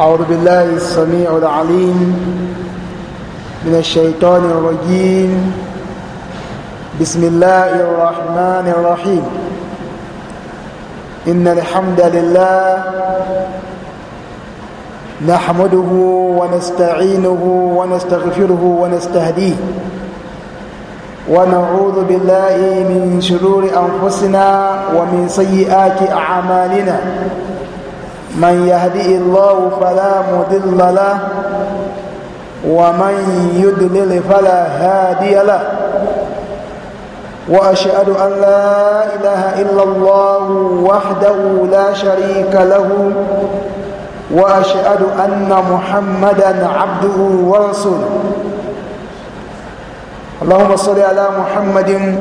أعوذ بالله السميع العليم من الشيطان الرجيم بسم الله الرحمن الرحيم إن الحمد لله نحمده ونستعينه ونستغفره ونستهديه ونعوذ بالله من شرور أنفسنا ومن سيئات أعمالنا من يهدئ الله فلا مضل له ومن يضلل فلا هادي له واشهد ان لا اله الا الله وحده لا شريك له واشهد ان محمدا عبده ورسوله اللهم صل على محمد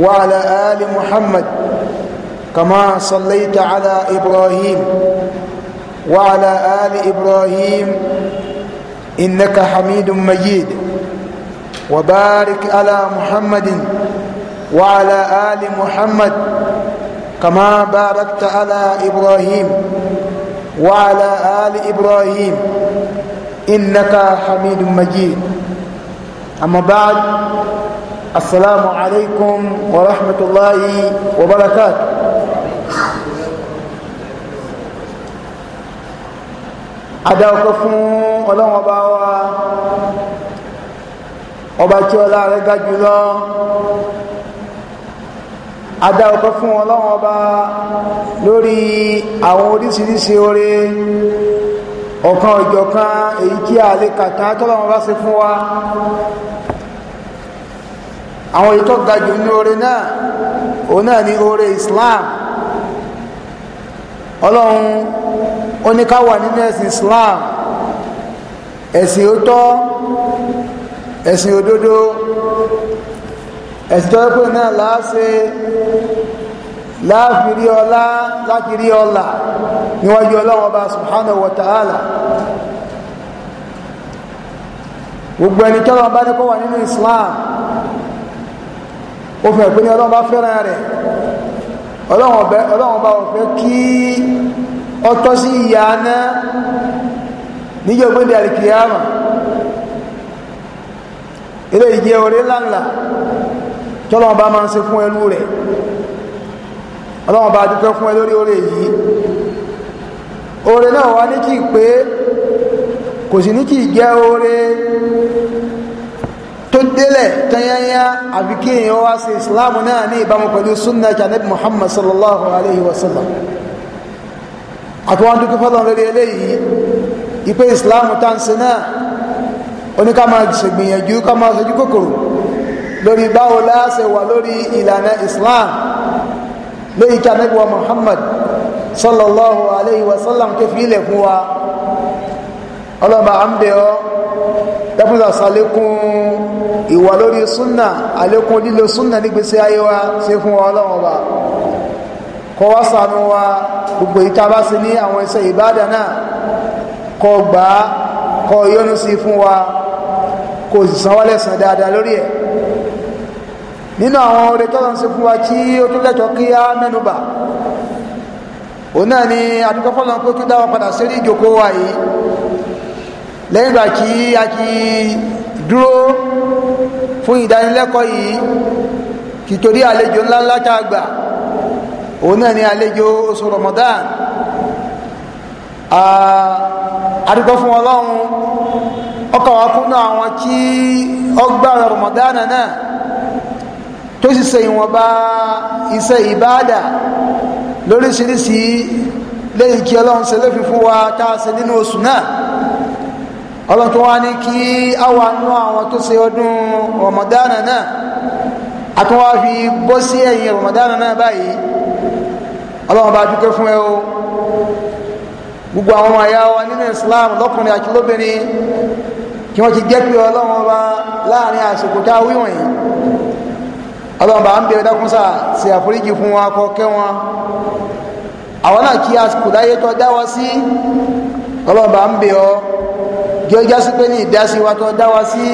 وعلى ال محمد كما صليت على إبراهيم وعلى آل إبراهيم إنك حميد مجيد وبارك على محمد وعلى آل محمد كما باركت على إبراهيم وعلى آل إبراهيم إنك حميد مجيد أما بعد السلام عليكم ورحمة الله وبركاته adá ọkọ fún ọlọ́wọ́n bá wa ọba tí ọlá rẹ̀ ga jùlọ adá ọkọ fún ọlọ́wọ́n bá lórí àwọn oríṣiríṣi oore ọ̀kan ọ̀jọ̀kan èyí tí a lè kàtà tọ́lọ́wọ́n bá ṣe fún wa àwọn èyí ga jù ní oore náà òun náà ni oore Islam ọlọ́run ó ní ká wà nínú ẹ̀sìn Islam ẹ̀sìn òótọ́ ẹ̀sìn òdodo ẹ̀sìn tọ́jú pé náà láàṣẹ láàfìrí ọlá láàkìrí ọlà níwájú ọlọ́wọ́ bá subhanahu wa ta'ala gbogbo ẹni tọ́lọ́ bá ní kó wà nínú Islam ó fẹ́ pé ní ọlọ́wọ́ bá fẹ́ràn rẹ̀ ọlọ́wọ́ bá ọ̀fẹ́ kí ọtọ́ sí ìyá náà níjọ́ gbé dàrí kìíyàmà ilé ìjẹ́ orí ńláńlá tọ́lọ́wọ́ bá máa ń ṣe fún ẹlú rẹ̀ ọlọ́wọ́ bá dúpẹ́ fún ẹ lórí orí yìí orí náà wá ní kí pé kò sí ní kí jẹ́ orí tó délẹ̀ tanyanya àbí wá sí islam náà ní ìbámu pẹ̀lú sunna janabi muhammad sallallahu alaihi wasallam àtúwọ́n dúkú fọ́lọ́ lórí eléyìí ìpé islam tansi náà oníká máa ṣègbìyànjú ká máa ṣojú kòkòrò lórí báwo láàṣẹ wà lórí ìlànà islam lórí kí anábíwa muhammad sallallahu alayhi wa sallam tó fi ilẹ̀ fún wa ọlọ́mà à ń bẹ̀ ìwà lórí súnà àlékún lílo súnà nígbèsè ayé wa ṣe fún wa ọlọ́run kọ́ wá sànú wa gbogbo ìta bá sí ní àwọn iṣẹ́ ìbádà náà kọ́ gbà á kọ́ yọ́nú sí fún wa kò sì san wálẹ̀ san dáadáa lórí ẹ̀ nínú àwọn oore tọ́lọ́ ń ṣe fún wa tí ó tún lẹ́tọ̀ọ́ kí á mẹ́nubà òun náà ni adúgbò fọlọ́n pé kí dá wa padà sérí ìjókòó wa yìí lẹ́yìn ìgbà tí a ti dúró fún ìdánilẹ́kọ̀ọ́ yìí kìtòrí àlejò ńláńlá tá a gbà òun náà ni àlejò oṣù Ramadan àdúgbò fún ọlọ́run ọkọ̀ wa kún náà àwọn tí ọgbà Ramadan náà tó sì ṣe ìwọ̀nba iṣẹ́ ìbáàdà lóríṣiríṣi lẹ́yìn kí ọlọ́run ṣe lé fífún wa tá a ṣe nínú oṣù náà ọlọ́run tó wá ní kí àwa nú àwọn tó ṣe ọdún Ramadan náà a tún fi bọ́ sí ẹ̀yìn Ramadan náà báyìí ọlọ́run bá dúpẹ́ fún ẹ o gbogbo àwọn ọmọ àyà wa nínú islam lọ́kùnrin àti lóbìnrin kí wọ́n ti jẹ́ pé ọlọ́run ọba láàrin àsìkò tá a wí wọ̀nyí ọlọ́run bá ń bẹ̀rẹ̀ dákun sáà ṣe àforíjì fún wọn akọ kẹ́ wọn àwọn náà kí àsìkò dáyé tó dá wa sí ọlọ́run bá ń bẹ̀ ọ jẹ́ jásí pé ní ìdásí wa tó dá wa sí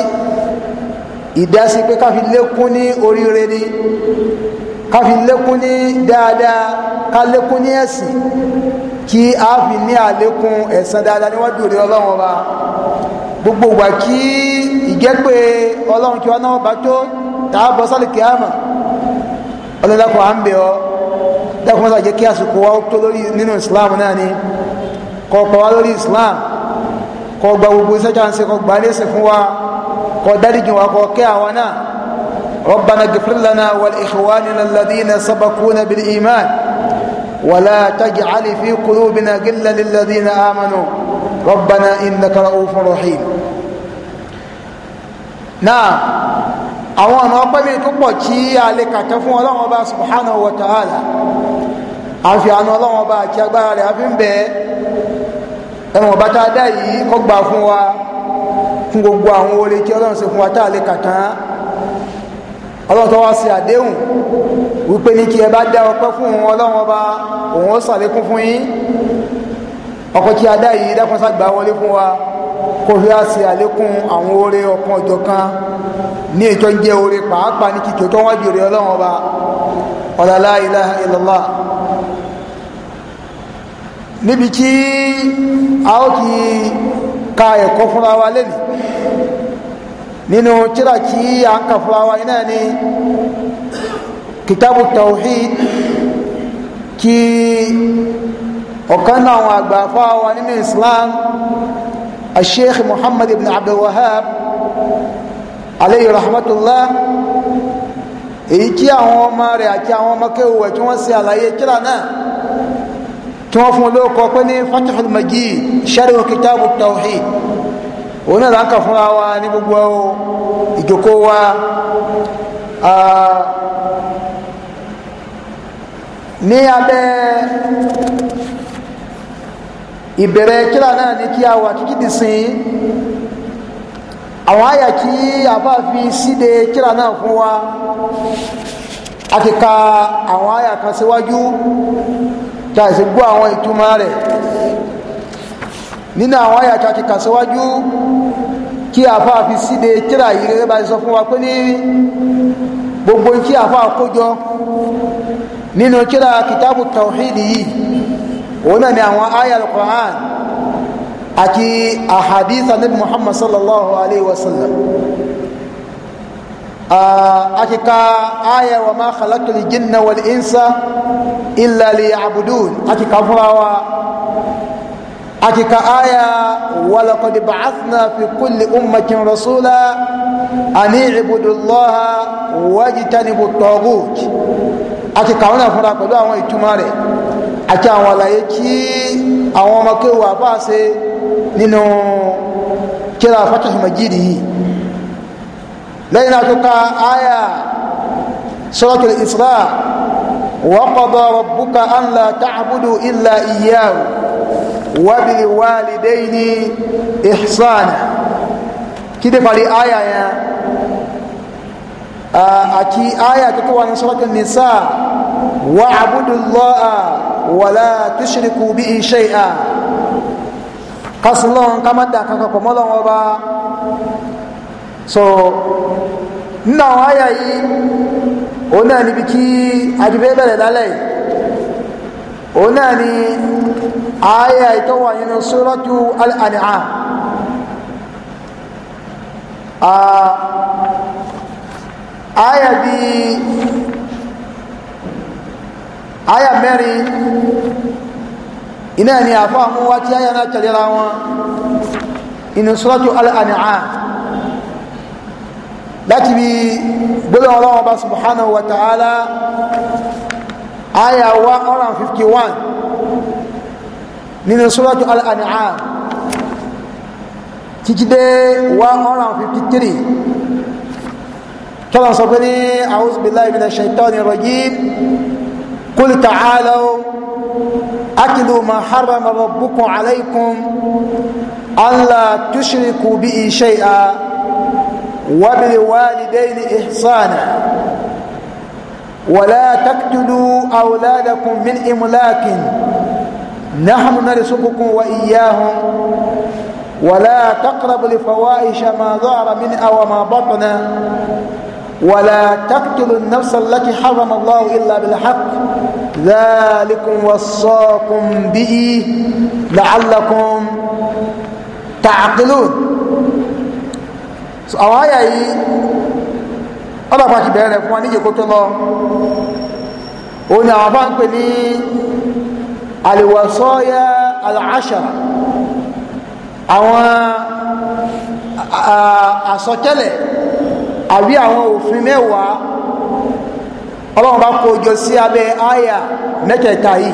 ìdásí pé káfi lékún ní oríire ni ká fi lékún ní dáadáa ká lékún ní ẹ̀sìn kí a fi ní àlékún ẹ̀san dáadáa níwájú rẹ ọlọ́run ọba gbogbo ìgbà kí ìjẹ́pẹ́ ọlọ́run kí wọn náà bá tó tààbọ̀ sálì kíámà ọlọ́dàpọ̀ à ń bẹ̀ ọ́ dákun mọ́sá jẹ́ kí àsìkò wa tó lórí nínú islam nani? ni kó pa lórí islam kó gba gbogbo iṣẹ́ tí a ń ṣe kó fún wa kó dáríjì wa kó kẹ́ àwa náà ربنا اغفر لنا ولإخواننا الذين سبقونا بالإيمان ولا تجعل في قلوبنا غلا للذين آمنوا ربنا إنك رؤوف رحيم نعم àwọn ọ̀nà ọpẹ́ mi tó pọ̀ tí a lè kàtẹ́ fún ọlọ́run ọba subhanahu wa ta'ala àfi àna ọlọ́run ọba àti agbára rẹ̀ àfi ń bẹ ẹ̀wọ̀n bá tá a dá yìí kó gbà fún wa fún gbogbo àwọn oore tí ọlọ́run ṣe fún wa tá a lè kàtẹ́ ọlọ́run tó wá sí àdéhùn wípé ní kí ẹ bá dá ọpẹ́ fún òun ọlọ́run ọba òun ó ṣàlékún fún yín ọkọ̀ tí a dá yìí dákun ságbà wọlé fún wa kó fi á sí àlékún àwọn oore ọ̀kan ọ̀jọ̀ kan ní ètò ń jẹ́ oore pàápàá ní kíkẹ́ tó wájú rẹ̀ ọlọ́run ọba ọ̀là ilaha illallah níbi tí a ó kí ka ẹ̀kọ́ fúnra wa lẹ́nìí nínú tíra tí a ń kà fúra wa iná ni kitabu tawhid kí ọ̀kan náà àwọn àgbà fúra wa islam الشيخ محمد بن عبد الوهاب عليه رحمة الله èyí tí àwọn ọmọ rẹ̀ àti àwọn ọmọ kéwòwẹ̀ tí wọ́n ṣe àlàyé kíra náà tí wọ́n fún olóòkọ pé ní fatihul majid sharhu kitabu tawhid òun náà láǹkà fúnra wa ní gbogbo ìjòkó wa ni abẹ́ ìbẹ̀rẹ̀ kila náà ní kí a wà kíkí dì sí àwọn àyà kí àbá fi síde kíra náà fún wa a ti ka àwọn àyà kan síwájú kí a sì gbọ́ àwọn ìtumọ̀ nínú àwọn àyàtọ̀ àti kàṣíwájú kí àfa fi síde tíra yìí gẹ́gẹ́ bá ti sọ fún wa pé ní gbogbo tí àfa kójọ nínú tíra kìtàbù tàwíìdì yìí òun náà ni àwọn àyà al-Qur'an àti àhàdíta nabi muhammad sallallahu alaihi wasallam àti ka àyà wa ma khalaqtul jinna wal insa illa liya'budun àti ka wa akika aya walakodi ba'athna fi kulli ummatin rasula ani ibudullaha wajitanibu togut akika wọn afura pẹ̀lú àwọn ìtumọ̀ rẹ̀ àti àwọn àlàyé tí àwọn ọmọ kéwà bá ṣe nínú kíra fatah majid yìí lẹ́yìn àtúkà aya suratul isra wa qada rabbuka an la ta'budu illa iyyahu وبالوالدين إحسانا كده فالي آية يا أكي آية تتوى عن سورة النساء واعبدوا الله ولا تشركوا به شيئا قصلا كما دعا كما وبا so nínú àwọn àyà yìí òun náà níbi kí adìbẹ́ bẹ̀rẹ̀ lálẹ́ yìí òun náà ni ààyè ìtọ́wà nínú sórọ́tù al-an'am ààyè bí ààyè mẹ́rin iná ni àfọ́ àmú wá tí ààyè náà tẹ̀lera wọn inú sórọ́tù al subhanahu wa ta'ala aya 151 nínú suratu al-an'am títí dé 153 tọ́lá sọ pé ní a'udhu billahi minash shaitani rajim qul ta'alaw akidu ma harrama rabbukum alaykum alla tushriku bihi shay'a wa bil walidayni ihsana ولا تقتلوا أولادكم من إملاق نحن نرزقكم وإياهم ولا تقربوا الفواحش ما ظهر منها وما بطن ولا تقتلوا النفس التي حرم الله إلا بالحق ذلكم وصاكم به لعلكم تعقلون àwọn ọlọ́pàá ti bẹ̀rẹ̀ fún wa ní ìjẹ́kó tó lọ òun ni àwọn bá ń pè ní àlèwọ̀sọ́yà aláṣàrà àwọn àsọtẹ́lẹ̀ àbí àwọn òfin mẹ́wàá ọlọ́run bá kó jọ sí abẹ́ àyà mẹ́tẹ̀ẹ̀ta yìí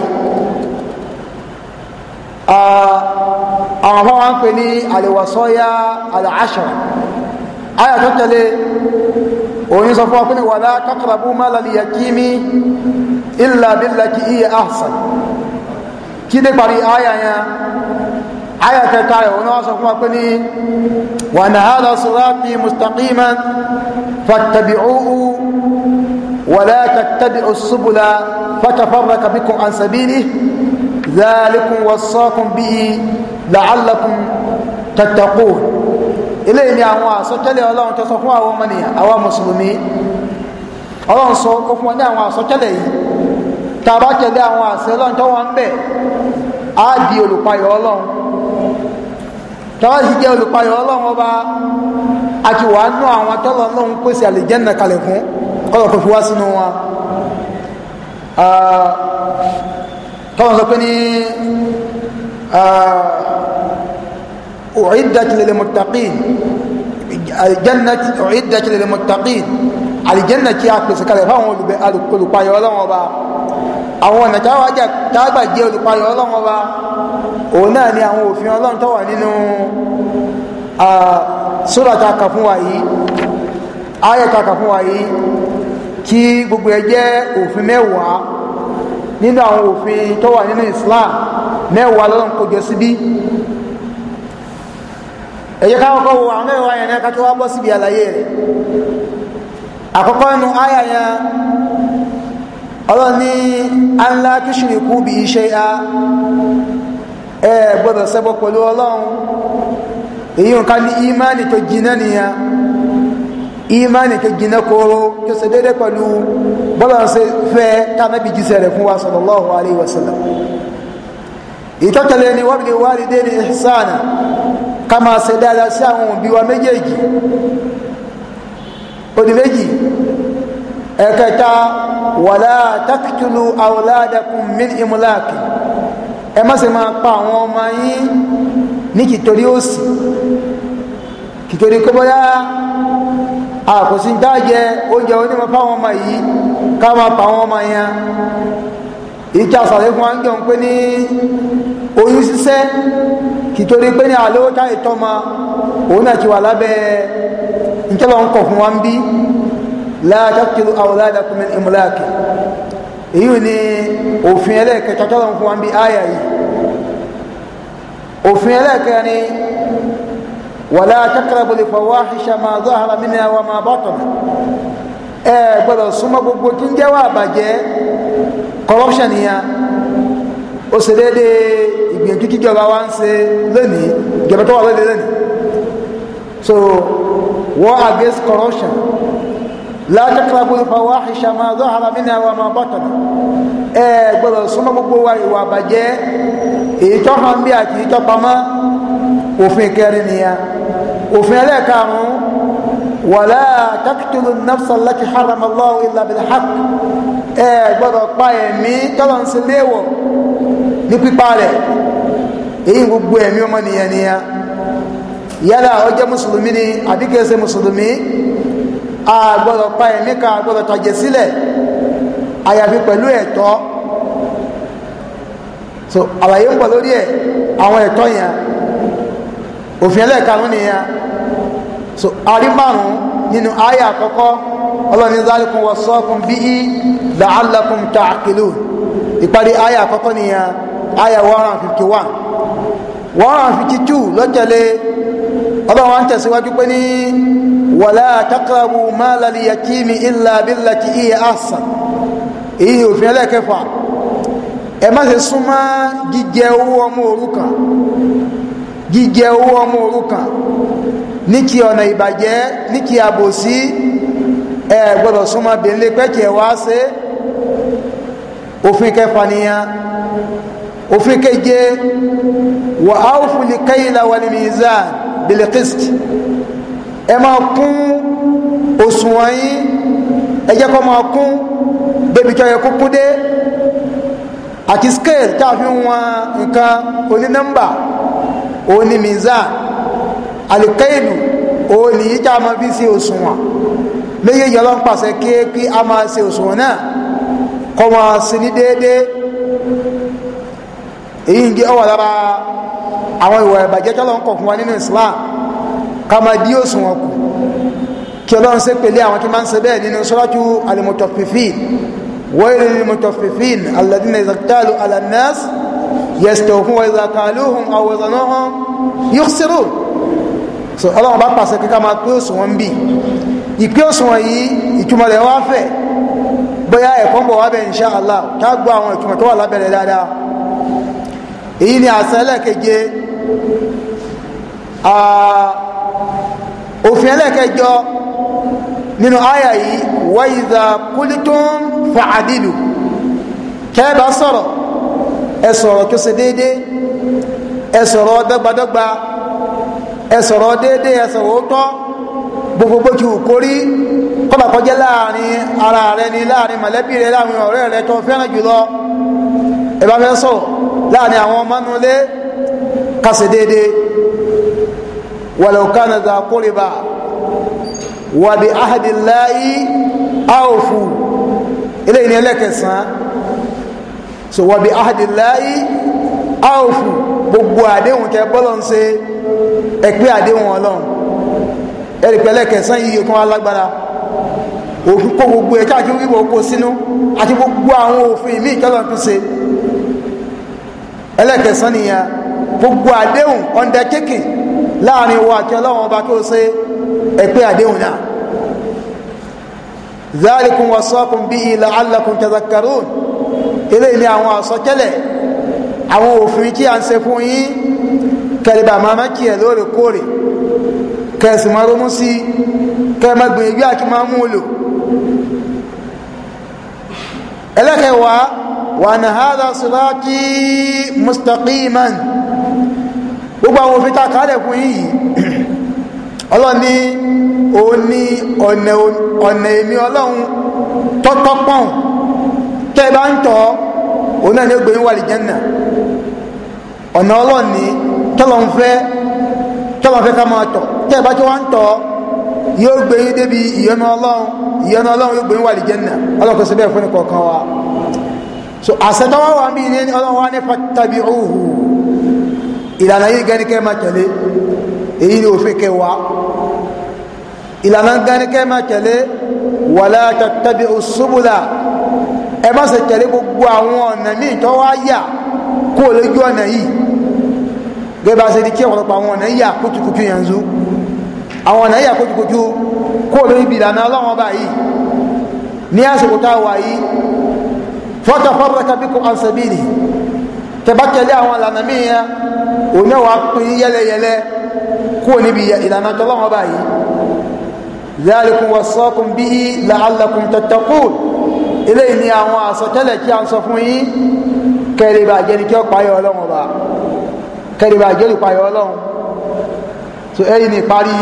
àwọn afọ́ wọn ń pè ní àlèwọ̀sọ́yà aláṣàrà àyà tó tẹ̀lé òyìn sọ fún wa pé ní wàlá taqrabu mala al-yatimi illa billati hiya ahsan kí dé parí àyà yẹn àyà kẹta rẹ̀ òun wá sọ fún wa pé ní wa anna hadha sirati mustaqiman fattabi'uhu ولا تتبعوا السبل فتفرق بكم عن سبيله ذلكم وصاكم به لعلكم تتقون eléyìí ni àwọn àsọtẹ́lẹ̀ ọlọ́run tó sọ fún àwọn ọmọnìyàn àwa mùsùlùmí ọlọ́run sọ ó fún wọn ní àwọn àsọtẹ́lẹ̀ yìí tá a bá tẹ̀lé àwọn àṣẹ ọlọ́run tó wà ń bẹ̀ á di olùpayọ̀ ọlọ́run tá a bá sì jẹ́ olùpayọ̀ ọlọ́run ọba àti wàá nú àwọn tọ́lọ́ ọlọ́run pèsè àlùjánnà kalẹ̀ fún ọlọ́run tó fi wá sínú wọn tọ́lọ́ sọ pé ní أعدت للمتقين الجنة أعدت للمتقين àlìjẹ́nà tí a pèsè kalẹ̀ fáwọn olùpayọ̀ ọlọ́wọ́n ọba àwọn ọ̀nà táwọn ajá tágbà jẹ́ olùpayọ̀ ọlọ́wọ́n ọba òun náà ni àwọn òfin ọlọ́run tó wà nínú sóràtà kà fún wa yìí ayẹ̀ta kà fún wa yìí kí gbogbo ẹ jẹ́ òfin mẹ́wàá nínú àwọn òfin tó wà nínú Islam mẹ́wàá lọ́lọ́run kó jọ síbí ẹ̀yẹ káwọn kọ́ wo àwọn mẹ́wàá yẹn náà kátó wá bọ́ síbi àlàyé rẹ̀ àkọ́kọ́ nu àyà yẹn ọlọ́ni anlá tushriku bí iṣẹ́ a ẹ gbọ́dọ̀ ṣẹbọ pẹ̀lú ọlọ́run èyí nǹkan ní ìmánì tó jiná nìyẹn ìmánì tó jiná kóró tó ṣe déédéé pẹ̀lú bọ́lá ṣe fẹ́ tánábì jíṣẹ́ rẹ̀ fún wa sallallahu alayhi wa sallam ìtọ́tẹ̀lẹ̀ ni wabli ká máa ṣe dáadáa sí àwọn òbí wa méjèèjì odi méjì ẹ̀kẹta wàlá takitulu awladakum min imlaki ẹ má ṣe máa pa àwọn ọmọ yín ní kìtorí òsì kìtorí kó bóyá àkòsí dájẹ oúnjẹ onímọ̀ fáwọn ọmọ yìí ká máa pa àwọn ọmọ yẹn ìjà sàlẹ̀ fún wa ń jọ pé ní oyún ṣíṣẹ́ kìtorí pé ní àlówó táyì tọ́mọ òun náà ti wà lábẹ́ ntẹ́lọ̀ ń kọ̀ fún wa ń bí látàkìlú awladakum min imlaki èyí ni òfin ẹlẹ́ẹ̀kẹta tọ́lọ̀ ń fún wa ń bí áyà yìí òfin ẹlẹ́ẹ̀kẹta ni wàlá takrabu li fawahisha ma zahara minha wa ma batana ẹ gbọ́dọ̀ súnmọ́ gbogbo tí ń jẹ́wọ́ àbàjẹ́ corruption yẹn ó sì déédéé ìgbìyànjú kíjọba wa ń ṣe lónìí ìjọba tó wà lónìí lónìí so war against corruption la taqrabu al-fawahisha ma zahara minha wa ma batana ẹ gbọ́dọ̀ súnmọ́ gbogbo wa ìwà àbàjẹ́ èyí hàn bí àti èyí pamọ́ òfin kẹrin nìyà òfin ẹlẹ́ẹ̀karùn-ún wàlá taqtulu an-nafsa allati ẹ gbọ́dọ̀ pa ẹ̀mí tọ́lọ̀ ń ní pípa rẹ̀ èyí gbogbo ẹ̀mí ọmọnìyàn ni ya yálà ó jẹ́ mùsùlùmí ni àbí kìí ṣe mùsùlùmí a gbọ́dọ̀ pa ẹ̀mí kan a gbọ́dọ̀ tàjẹ̀ àyàfi pẹ̀lú ẹ̀tọ́ so àlàyé ń pọ̀ lórí ẹ̀ àwọn ẹ̀tọ́ yẹn òfin ẹlẹ́ẹ̀karùn nìyẹn so àrí márùn nínú àyà àkọ́kọ́ ọlọ́ni zalikum wasaakum bihi la'allakum ta'qilun ìparí àyà àkọ́kọ́ nìyẹn àyà one hundred fifty one one hundred two lọ́jọ́lé ọlọ́run wa ń tẹ̀síwájú pé ní wàlá taqrabu mala liyatimi illa billati hiya ahsan èyí òfin ẹlẹ́kẹfà ẹ má ṣe súnmọ́ jíjẹ owó ọmọ òrukàn jíjẹ owó ọmọ òrukàn ní ti ọ̀nà ìbàjẹ́ ní ti àbòsí ẹ gbọ́dọ̀ súnmọ́ bèlè pẹ́kì ẹ̀ wá ṣe òfin kẹfà nìyẹn òfin keje wà áwùfù lè kẹ́yìnlá wà ní mizan bilqist ẹ máa kún òṣùwọ̀n yín ẹ jẹ́ kó máa kún bébí tó yẹ kó kún dé àti scale tá a fi wọn nǹkan oní nọ́mbà òun ni mizan alikẹ́yìnlú òun ni yíjà máa fi ṣe òṣùwọ̀n méjèèjì ọlọ́run pàṣẹ kí a máa ṣe òṣùwọ̀n náà kó máa ṣe ní èyí ń jẹ́ ọwọ́ lára àwọn ìwà ìbàjẹ́ tí ọlọ́run kọ̀ fún wa nínú Islam ká máa dí òṣùwọ̀n kù kí ọlọ́run ṣe pẹ̀lẹ́ àwọn tí máa ń ṣe bẹ́ẹ̀ nínú suratu al-mutaffifin wailul lil mutaffifin alladhina idha iktalu ala an-nas yastawfun wa idha kaluhum so ọlọ́run bá pàṣẹ kíkà máa pé òṣùwọ̀n bì ìpé òṣùwọ̀n yìí ìtumọ̀ rẹ̀ wá fẹ̀ bóyá ẹ̀kọ́ ń bọ̀ wá bẹ̀ insha Allah tá gbọ́ àwọn ìtumọ̀ tó wà lábẹ́rẹ̀ dáadáa èyí ni àṣẹlẹ̀ keje òfin ẹlẹ́kẹjọ nínú àyà yìí wáyíza kúlítún fàádìlù kẹ́ẹ̀bá sọ̀rọ̀ ẹ sọ̀rọ̀ kí ó ṣe déédéé ẹ sọ̀rọ̀ dọ́gbadọ́gba ẹ sọ̀rọ̀ déédéé ẹ sọ̀rọ̀ òótọ́ gbogbogbò kí òkó rí kọ́bà kọjá láàrin ara rẹ ni láàrin mọ̀lẹ́bí rẹ láàrin ọ̀rẹ́ rẹ tó fẹ́ràn jùlọ ẹ bá fẹ́ sọ̀rọ̀ láàrin àwọn ọmọnulé kásì déédéé wàlẹ̀ òkànnà dà kórìbà wàbí ahadillahi awfu eléyìí ni ẹlẹ́kẹsàn-án so wàbí ahadillahi awfu gbogbo àdéhùn tẹ bọ́lọ̀ ń ṣe ẹ̀pẹ́ àdéhùn ọlọ́run ẹ̀rì pẹ̀lẹ́kẹsàn yìí kan alágbára òfin kó gbogbo ẹ̀ káàkiri wíwọ̀ kó sínú àti gbogbo àwọn òfin ìmí ìkẹ́lọ́ ẹlẹ́kẹsán nìyẹn gbogbo àdéhùn undertaking láàrin wa àti ọlọ́run ọba tó ṣe ẹ̀pẹ́ àdéhùn náà zalikum wasakum bihi la'allakum tadhakkarun eléyìí ni àwọn àsọtẹ́lẹ̀ àwọn òfin tí a ń ṣe fún yín kẹlẹbà máa kí ẹ lóòrèkóòrè kẹsì máa ronú sí kẹ máa gbìyànjú àti máa mú lò ẹlẹ́kẹ̀wàá وأن هذا صراطي مستقيما gbogbo àwọn òfin tàkà lẹ́kùn yìí ọlọ́run ní òun ní ọ̀nà èmi ọlọ́run tọ́tọ́pọ̀n tẹ́ bá ń tọ́ òun náà ní ó gbẹ̀yìn wà lè jẹ́nà ọ̀nà ọlọ́run ní tọ́lọ̀ fẹ́ tọ́lọ̀ fẹ́ ká máa tọ̀ tẹ́ bá tí wọ́n ń tọ́ yóò gbẹ̀yìn débi ìyọnu ọlọ́run ìyọnu ọlọ́run yóò gbẹ̀yìn wà lè jẹ́nà ọlọ́run kò sí bẹ́ẹ̀ fún ẹnì kọ̀ọ̀kan wa so àṣẹtọ́wọ́ wa bí ilé ọlọ́wọ́ ní fattabi'uhu ìlànà yìí gẹ́ni kẹ́ máa tẹ̀lé èyí ni òfin kẹwàá ìlànà gẹ́ni kẹ́ máa tẹ̀lé wala tattabi'u subula ẹ má ṣe tẹ̀lé gbogbo àwọn ọ̀nà míì tó wá yà kó o lójú ọ̀nà yìí gẹ́gẹ́ bá ṣe di kí ọ̀pọ̀lọpọ̀ àwọn ọ̀nà yà kútukútu yẹn zu àwọn ọ̀nà yà kútukútu kó o lórí ibi ìlànà ọlọ́wọ́n báyìí ní àsìkò tá a wà fatafarraka bikum an sabili tẹ́bá tẹ̀lé àwọn ìlànà míì yẹn òun náà wàá pín yẹlẹyẹlẹ kúrò níbi ìlànà tọ́lọ́wọ́n báyìí zalikum wasakum bihi la'allakum tattaqun eléyìí ni àwọn àsọtẹ́lẹ̀ tí a ń sọ fún yín kẹrì bá jẹ́ni kí ó payọ̀ ọlọ́run ọba kẹrì bá jẹ́ni payọ̀ ọlọ́run so ẹ̀yìn ni parí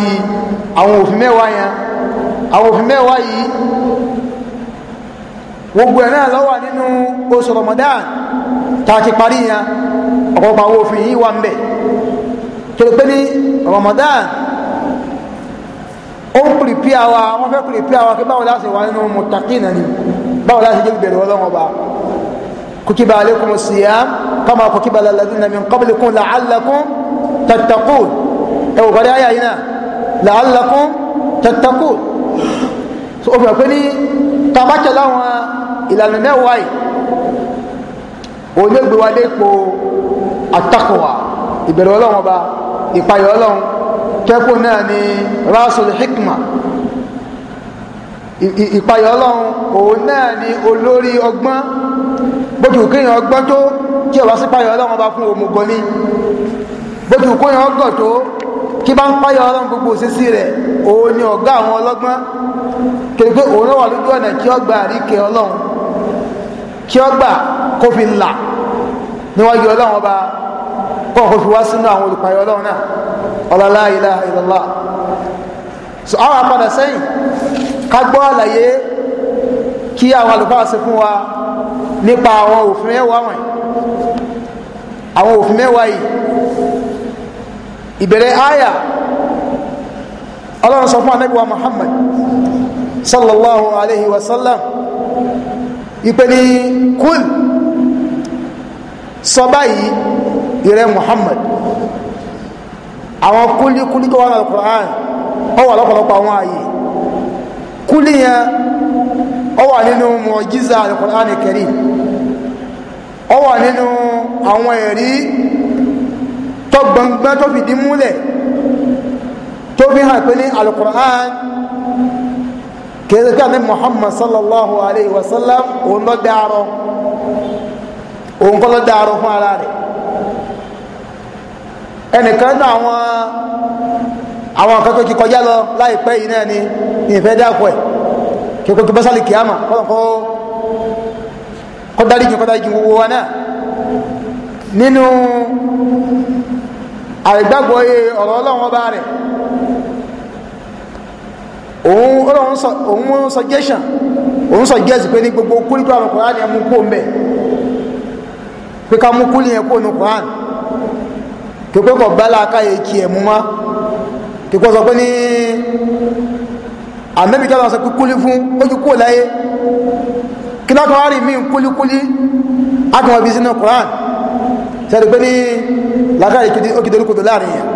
àwọn òfin mẹ́wàá yẹn àwọn òfin mẹ́wàá yìí gbogbo ẹ̀ náà ló wà nínú oṣù Ramadan tá a ti parí yẹn ọ̀pọ̀lọpọ̀ àwọn òfin yìí wà ń bẹ̀ torí pé ní Ramadan ó ń pìrìpì àwa wọ́n fẹ́ pìrìpì àwa kí báwo láti wà nínú mùtàkì ni báwo láti jẹ́ ìbẹ̀rù Ọlọ́run ọba kutiba alaykum siyam kama kutiba alladhina min qablikum la'allakum tattaqun ẹ wò parí àyà yìí náà la'allakum ó fi hàn pé ní tabatẹ̀ láwọn ìlànà mẹ́wàá yìí òun ló gbé wa dé ipò àtàkùwà ìbẹ̀rù ọlọ́run ọba ìpayọ̀ ọlọ́run tẹ́kù náà ni rasul hikma ìpayọ̀ ọlọ́run òun náà ni olórí ọgbọ́n bójú kéèyàn ọgbọ́n tó kí ọba sí payọ̀ ọlọ́run ọba fún òmùgọ̀ ni bójú kéèyàn ọgọ̀ tó kí bá ń payọ̀ ọlọ́run gbogbo òṣèṣì rẹ̀ òun ni ọ̀gá àwọn ọlọ́gbọ́n kéèké òun ló wà lójú ọ̀nà kí ọgbà àríkẹ́ ọlọ́run kí ọ gbà kó fi là níwájú ọlọ́run ọba kọ́ kó fi wá sínú àwọn olùpayọ ọlọ́run náà ọlọ́lá ilá ìlọ́lá so àwọn apàdà sẹ́yìn ká gbọ́ àlàyé kí àwọn àlùfáà ṣe fún wa nípa àwọn òfin mẹ́wàá wọ̀nyí àwọn òfin mẹ́wàá yìí ìbẹ̀rẹ̀ àyà ọlọ́run sọ fún anábíwá Muhammad sallallahu alayhi wa sallam ìpè ní kúl sọ báyìí ìrẹ́ Muhammad àwọn kúlíkúlí tó wà ní alukur'an ó wà lọ́pọ̀lọpọ̀ àwọn ààyè kúlí yẹn ó wà nínú mọ̀jíza alukur'an karim ó wà nínú àwọn ẹ̀rí tó gbọ̀ngbọ́n tó fìdí múlẹ̀ tó fi hàn pé ní alukur'an kèsì pé àmì Muhammad sallallahu alayhi wa sallam òun lọ dàrọ òun kọ́ lọ dàrọ fún ara rẹ̀ ẹnìkan náà àwọn àwọn kan tó ti kọjá lọ láìpẹ́ yìí náà ni ìfẹ́ dàpọ̀ ẹ̀ kíkó kí bọ́sálì kìámà kọ́ kọ́ dáríjì kọ́ dáríjì gbogbo wa náà nínú àìgbàgbọ́ ọ̀rọ̀ ọlọ́run ọba rẹ̀ òun ọlọ́run sọ òun suggestion òun suggest pé ní gbogbo kúlì tó àwọn Kùránì ẹ mú kó ń bẹ̀ pé ká mú kúlì yẹn kó nu Kùránì tó pé kọ̀ gbálá káyé kí ẹ̀ mú má tó kọ́ sọ pé ní àmẹ́bí tó sọ pé kúlì fún ojú kúrò láyé kí náà kan rí mi kúlíkúlí á kàn wọ́n bí sínú Kùránì sẹ́ni pé ní làkàrí òkèdè olùkòdó láàrin yẹn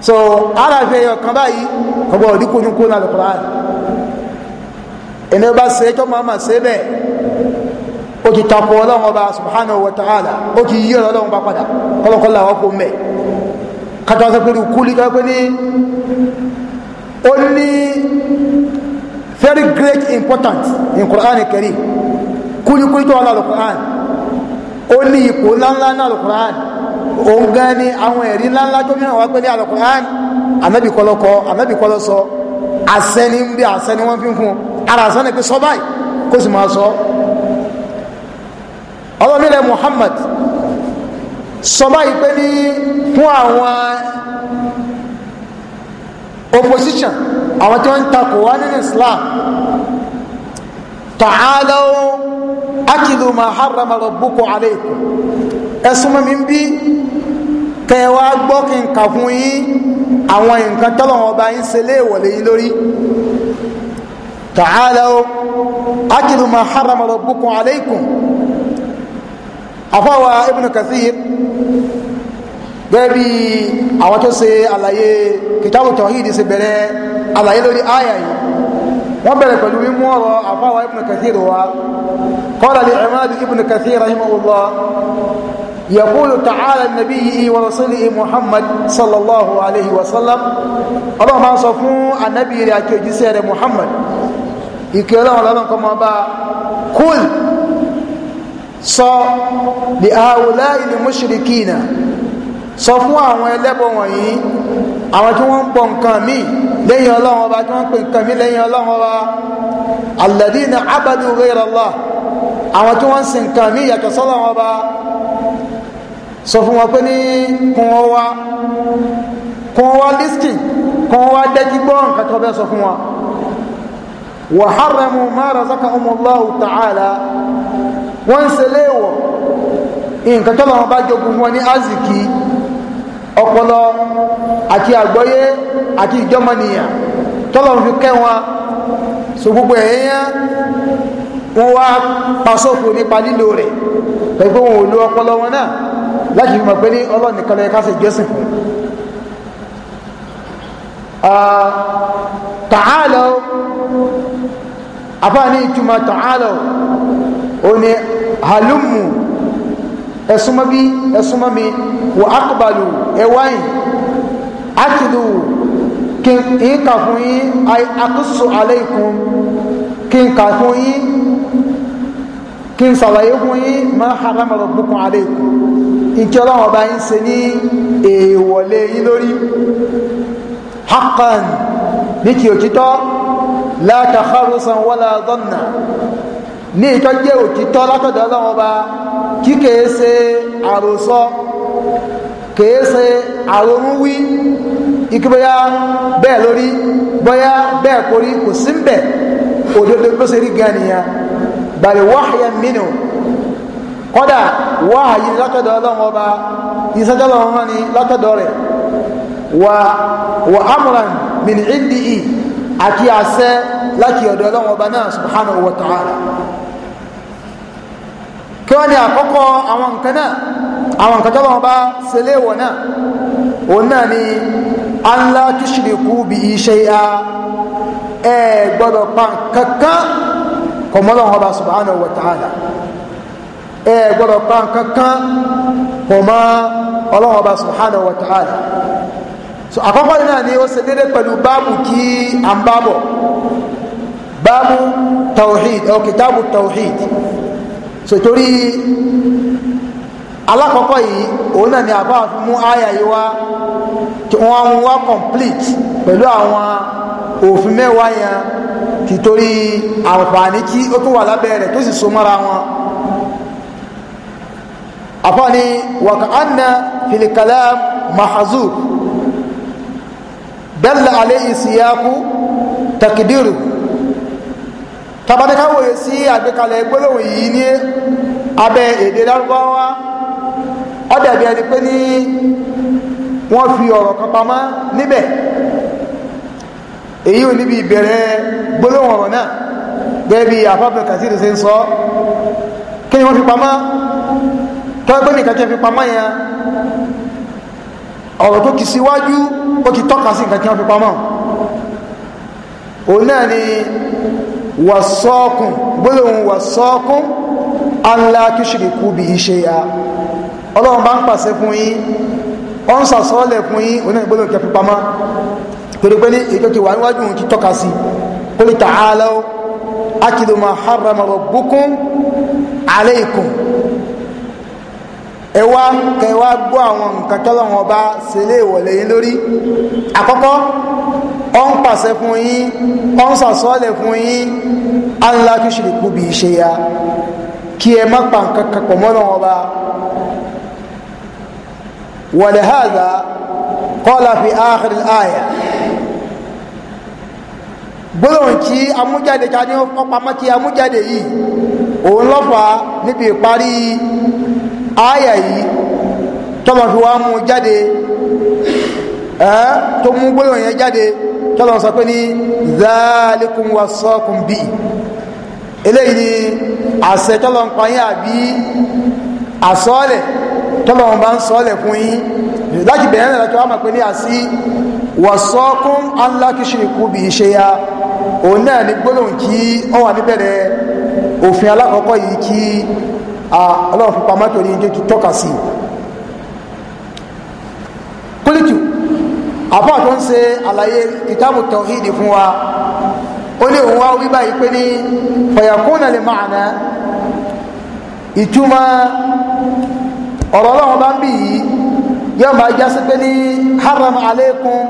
so aláàfin ẹyọ kan báyìí ọgbọ òdínkù ní kúrò lálẹ́ kúrò ẹni bá ṣe ẹjọ́ máa máa ṣe bẹ́ẹ̀ o ti takò ọlọ́run ọba subhanahu wa ta'ala ó ti yí ọ̀rọ̀ ọlọ́run bá padà ọlọ́kọ́ làwọn kò mẹ́ kátà sọ pé ní kúlí ká pé ní ó ní very great importance in Quran Karim kuli kuli wà lálẹ́ Quran only ní ipò ńláńlá Quran òun gan ni àwọn ẹ̀rí ńláńlá tó mìíràn wá pé ní Al-Qur'an ànábì kọ́ ló kọ ànábì kọ́ ló sọ àṣẹ ni ń bí àṣẹ ni wọ́n fi ń fún un ara àṣẹ ni pé sọ báyìí kó sì máa sọ ọlọ́mílẹ̀ Muhammad sọ báyìí pé ní fún àwọn opposition àwọn tí wọ́n ń takò wá nínú Islam ta'alaw akilu ma harrama rabbukum alaykum ẹ̀sùn mọ́ mi ń bí kẹwa gbọ́ kí n kà fún yín àwọn nǹkan tọ́lọ̀wọ̀n ọba yín ṣe léèwọ̀lẹ̀ yín lórí ta'alaw akilu ma harrama rabbukum alaykum afọwà ibn kathir gẹ́bí àwọn tó ṣe àlàyé kìtàbù tọ̀hídì ṣe bẹ̀rẹ̀ àlàyé lórí àyà yìí wọ́n bẹ̀rẹ̀ pẹ̀lú mímú ọ̀rọ̀ afọwà ibn kathir wa qala li imad ibn kathir rahimahullah يقول تعالى النبي ورسوله محمد صلى الله عليه وسلم الله ما صفوا النبي لأكي جسير محمد يكيرون لنكم أبا قل صا لهؤلاء المشركين صفوا àwọn ẹlẹ́bọ̀ wọ̀nyí àwọn tí wọ́n ń bọ nǹkan míì lẹ́yìn ọlọ́run ọba tí wọ́n ń pè nǹkan míì lẹ́yìn ọlọ́run ọba alladina abadu ghayra Allah àwọn tí wọ́n ń sin nǹkan míì yàtọ̀ sọ́lọ́run ọba sọ fún wọn pé ní kún wọn wá kún wọn wá lísìkì kún wọn wá dẹ́kí gbọ́ nǹkan tó bẹ́ẹ̀ sọ fún wọn wa harramu ma razaqahumullahu ta'ala wọ́n ń ṣe léèwọ̀ nǹkan tó lọ́wọ́ bá jogun wọn ní aziki ọpọlọ àti àgbọ́yé àti ìjọmọnìyàn tó lọ́wọ́ fi kẹ́ wọn so gbogbo èèyàn wọn wá pasófo nípa lílo rẹ̀ pẹ̀lú wọn ò lo ọpọlọ wọn náà láti fi mọ̀ pé ní ọlọ́run nìkan ló yẹ ká ṣe ìjọsìn fún tààlọ́ àfáàní ìtumọ̀ tààlọ́ ó ní halummu ẹ̀súnmọ́ bí ẹ̀súnmọ́ mi wà ákùbalù ẹwáyìn átìlù kí n kà fún yín àkúsù aláìkún kí n kà fún yín kí n sàlàyé fún yín má haramà rabbukum aláìkún ìkí ọlọ́run ọba yín ṣe ní èèwọ̀lé yín lórí haqqan ní kí òtítọ́ la takharusan wala dhanna ní ìtọ́ jẹ́ òtítọ́ látọ̀dọ̀ ọlọ́run ọba kí kèé ṣe àròsọ kèé ṣe àròmúwí ikú bóyá bẹ́ẹ̀ lórí bóyá bẹ́ẹ̀ kórí kò sí ń bẹ̀ òdodo gbèsè rí gan nìyẹn bal wahyan minhu kọ́dà wáhàyí látọ̀dọ̀ ọlọ́run ọba ìsẹ́jọ́lọ́ wọn ni látọ̀dọ̀ rẹ̀ wà wà amúran min indihi àti àṣẹ láti ọ̀dọ̀ ọlọ́run ọba náà subhanahu wa ta'ala kí wọ́n ní àkọ́kọ́ àwọn nǹkan náà àwọn nǹkan tọ́lọ́wọ́n bá ṣẹlẹ́wọ̀ náà òun náà ni anlá tushriku bi shay'a ẹ gbọ́dọ̀ pa kankan kọ̀mọ́lọ́wọ́n ọba subhanahu wa ta'ala ẹ gbọ́dọ̀ pa nǹkan kan kò mọ́ ọlọ́run ọba subhanahu wa ta'ala so àkọ́kọ́ náà ni ó ṣe dédé pẹ̀lú báàbù kí à ń bábọ̀ báàbù tawhid ọ kìtàbù tawhid so torí alákọ̀ọ́kọ́ yìí òun náà ni àbá mú àyà yìí wá kí wọ́n mú wá complete pẹ̀lú àwọn òfin mẹ́wàá yẹn kì torí àǹfààní kí ó tún wà lábẹ́ rẹ̀ tó sì so mọ́ra wọn àfáàní wàkàánà filikala mahazur bẹ́ẹ̀lá alẹ́ ìsìyàkú takidiru tabaníkáwòye sí àgbékalẹ̀ gbólóhùn yìí ní e, abẹ́ èdè lárúbáwá ó dàbí ẹni pé ní wọ́n fi ọ̀rọ̀ kan pamọ́ níbẹ̀ èyí ò níbi ìbẹ̀rẹ̀ gbólóhùn ọ̀rọ̀ náà gẹ́gẹ́ bí àfáàbẹ̀ kàtírì ṣe ń sọ kí ni fi pamọ́ tọ́gbẹ́ nìkan tí a fi pamọ́ yẹn ọ̀rọ̀ tó ti síwájú ó ti tọ́ka sí nǹkan tí wọ́n fi pamọ́ òun náà ni wàsọ́ọ̀kùn gbólóhùn wàsọ́ọ̀kùn anlá tushriku bi shay'a ọlọ́run bá ń pàṣẹ fún yín ọ ń sàsọ́ọ̀lẹ̀ fún yín òun náà ni gbólóhùn tí fi pamọ́ torí pé ní ètò ti wà níwájú òun ti tọ́ka sí qul ta'alaw akidu ma harrama rabbukum ẹ wá kẹ wá gbọ́ àwọn nǹkan tọ́lọ́wọ́n ọba sílé ìwọ̀lẹ̀ yín lórí àkọ́kọ́ ọ ń pàṣẹ fún yín ọ ń sàsọ́ọ̀lẹ̀ fún yín Allah tó ṣe kú bí ṣe ya kí ẹ má pa nǹkan kan pọ̀ mọ́lọ́wọ́n ọba wàlẹ̀háàdà kọ́lá fi áàkìrì àyà gbọ́dọ̀ kí amújáde ká ní ọpamọ́ kí amújáde yìí òun lọ́fà níbi ìparí Aya yìí tọ́lọ̀ fi wá mú jáde tó mú gbólóhùn yẹn jáde tọ́lọ̀ sọ pé ní zalikum wasaakum bí eléyìí ni àṣẹ tọ́lọ̀ ń pa yín àbí àsọ́ọ̀lẹ̀ tọ́lọ̀ ń bá ń sọ́ọ̀lẹ̀ fún yín láti bẹ̀rẹ̀ náà lọ́tọ́ àmà pé ní àsí wọ̀sọ́kún alákìṣìríkú bí i ṣe ya òun náà ní gbólóhùn kí ó wà níbẹ̀rẹ̀ òfin alákọ̀ọ́kọ́ yìí kí Ah, ọlọ́run fi pamọ́ torí ní tó tọ́ka sí kúlìtù àbá tó ń ṣe àlàyé kìtàbù tọ̀hídì fún wa ó lè wá wí báyìí pé ní fayakuna lè máa ná ìtumọ̀ ọ̀rọ̀ ọlọ́run bá ń bì yìí yóò máa jásí pé ní haram aleikum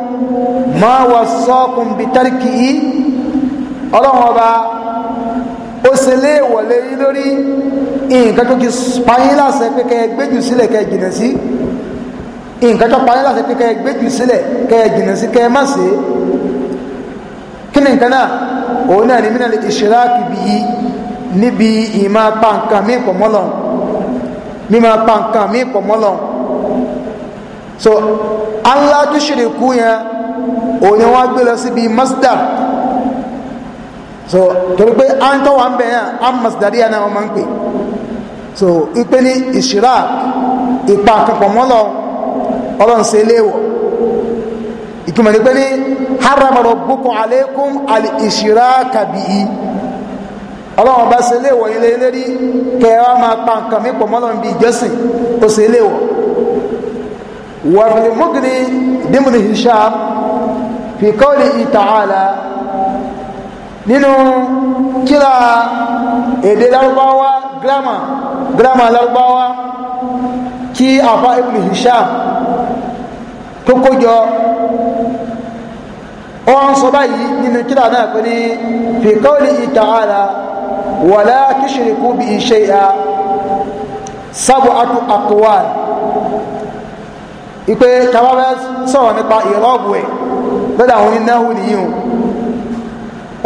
ma wasakum bitariki yìí ọlọ́run ọba ó ṣe léèwọ̀ lé lórí nǹkan tó ti payín láṣẹ pé kẹ́ ẹ gbéjù sílẹ̀ kẹ́ ẹ jìnà sí nǹkan tó payín láṣẹ pé kẹ́ ẹ gbéjù sílẹ̀ kẹ́ ẹ jìnà sí kẹ́ ẹ má ṣe kí ni nǹkan náà òun náà ni mí náà lè níbi ìmọ̀ apá mí pọ̀ mọ́ lọ́hùn mí pọ̀ so Allah tó ṣe lè kú yẹn òun ni wọ́n gbé lọ síbi masdar so torí pé à ń tọ́wọ́ à ń bẹ̀ yẹn à ń masdariya so ipe ní ìṣirà ipa kankan mọ́lọ ọlọ́run ṣe léèwọ̀ ìtumọ̀ ní pé ní harrama rabbukum alaykum al-ishraka bihi ọlọ́run bá ṣe léèwọ̀ ilé lérí kẹwàá máa pa nǹkan mi pọ̀ mọ́lọ́run bí ìjọsìn ó ṣe léèwọ̀ wàfìlì mọ́gìrì dímùlì hisham fi qawlihi nínú tíra èdè lárúbáwá gírámà gírámà lárúbáwá kí àfa ibn hisham tó kójọ wọ́n sọ báyìí nínú tíra náà pé ní fi qawlihi ta'ala wala tushriku bihi shay'a sab'atu aqwal ìpè tàbábẹ́ sọ̀rọ̀ nípa ìrọ́bù ẹ̀ lọ́dà àwọn onínáhù nìyí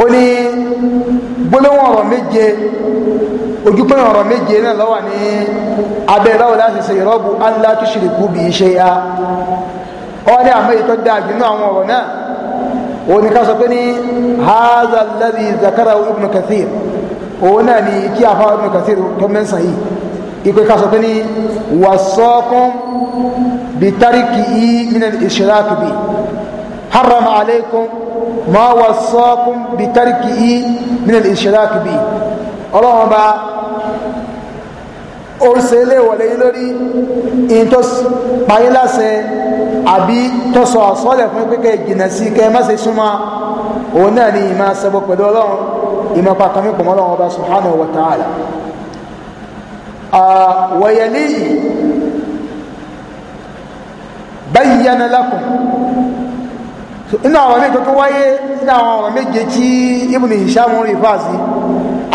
o ní gbólóhùn ọ̀rọ̀ méje ojúpẹ́ ọ̀rọ̀ méje náà lọ́wà ní abẹ́ báwo láti ṣe ìrọ́bù Allah tushriku bi shay'a ọ́ ní àmọ́ ìtọ́ dáa jù nínú àwọn ọ̀rọ̀ náà òun ni ká sọ pé ní haza alladhi zakarahu ibn kathir òun náà ni kí afa ibn kathir tó mẹ́sàn yìí ipe ká sọ pé ní wasaakum bi tariki minal ishraki bi harrama alaykum ma wasakum bi tarkihi min al-ishrak bi ọlọ́run ọba ó ṣe ilé ìwọ̀lẹ̀ yìí lórí in tó parí láṣẹ àbí tó sọ àsọ́lẹ̀ fún pípẹ́ ìjìnà sí kẹ́ má ṣe súnmọ́ òun náà ni ìmọ̀ ṣẹbọ pẹ̀lú ọlọ́run ìmọ̀ pàtàkì pọ̀ mọ́ ọlọ́run ọba subhanahu wa ta'ala wọ̀yẹ̀lì bayyana lakum inú àwọn míì tó tó wáyé nínú àwọn ọ̀rọ̀ méje tí ibùn Hisham rí fáàsì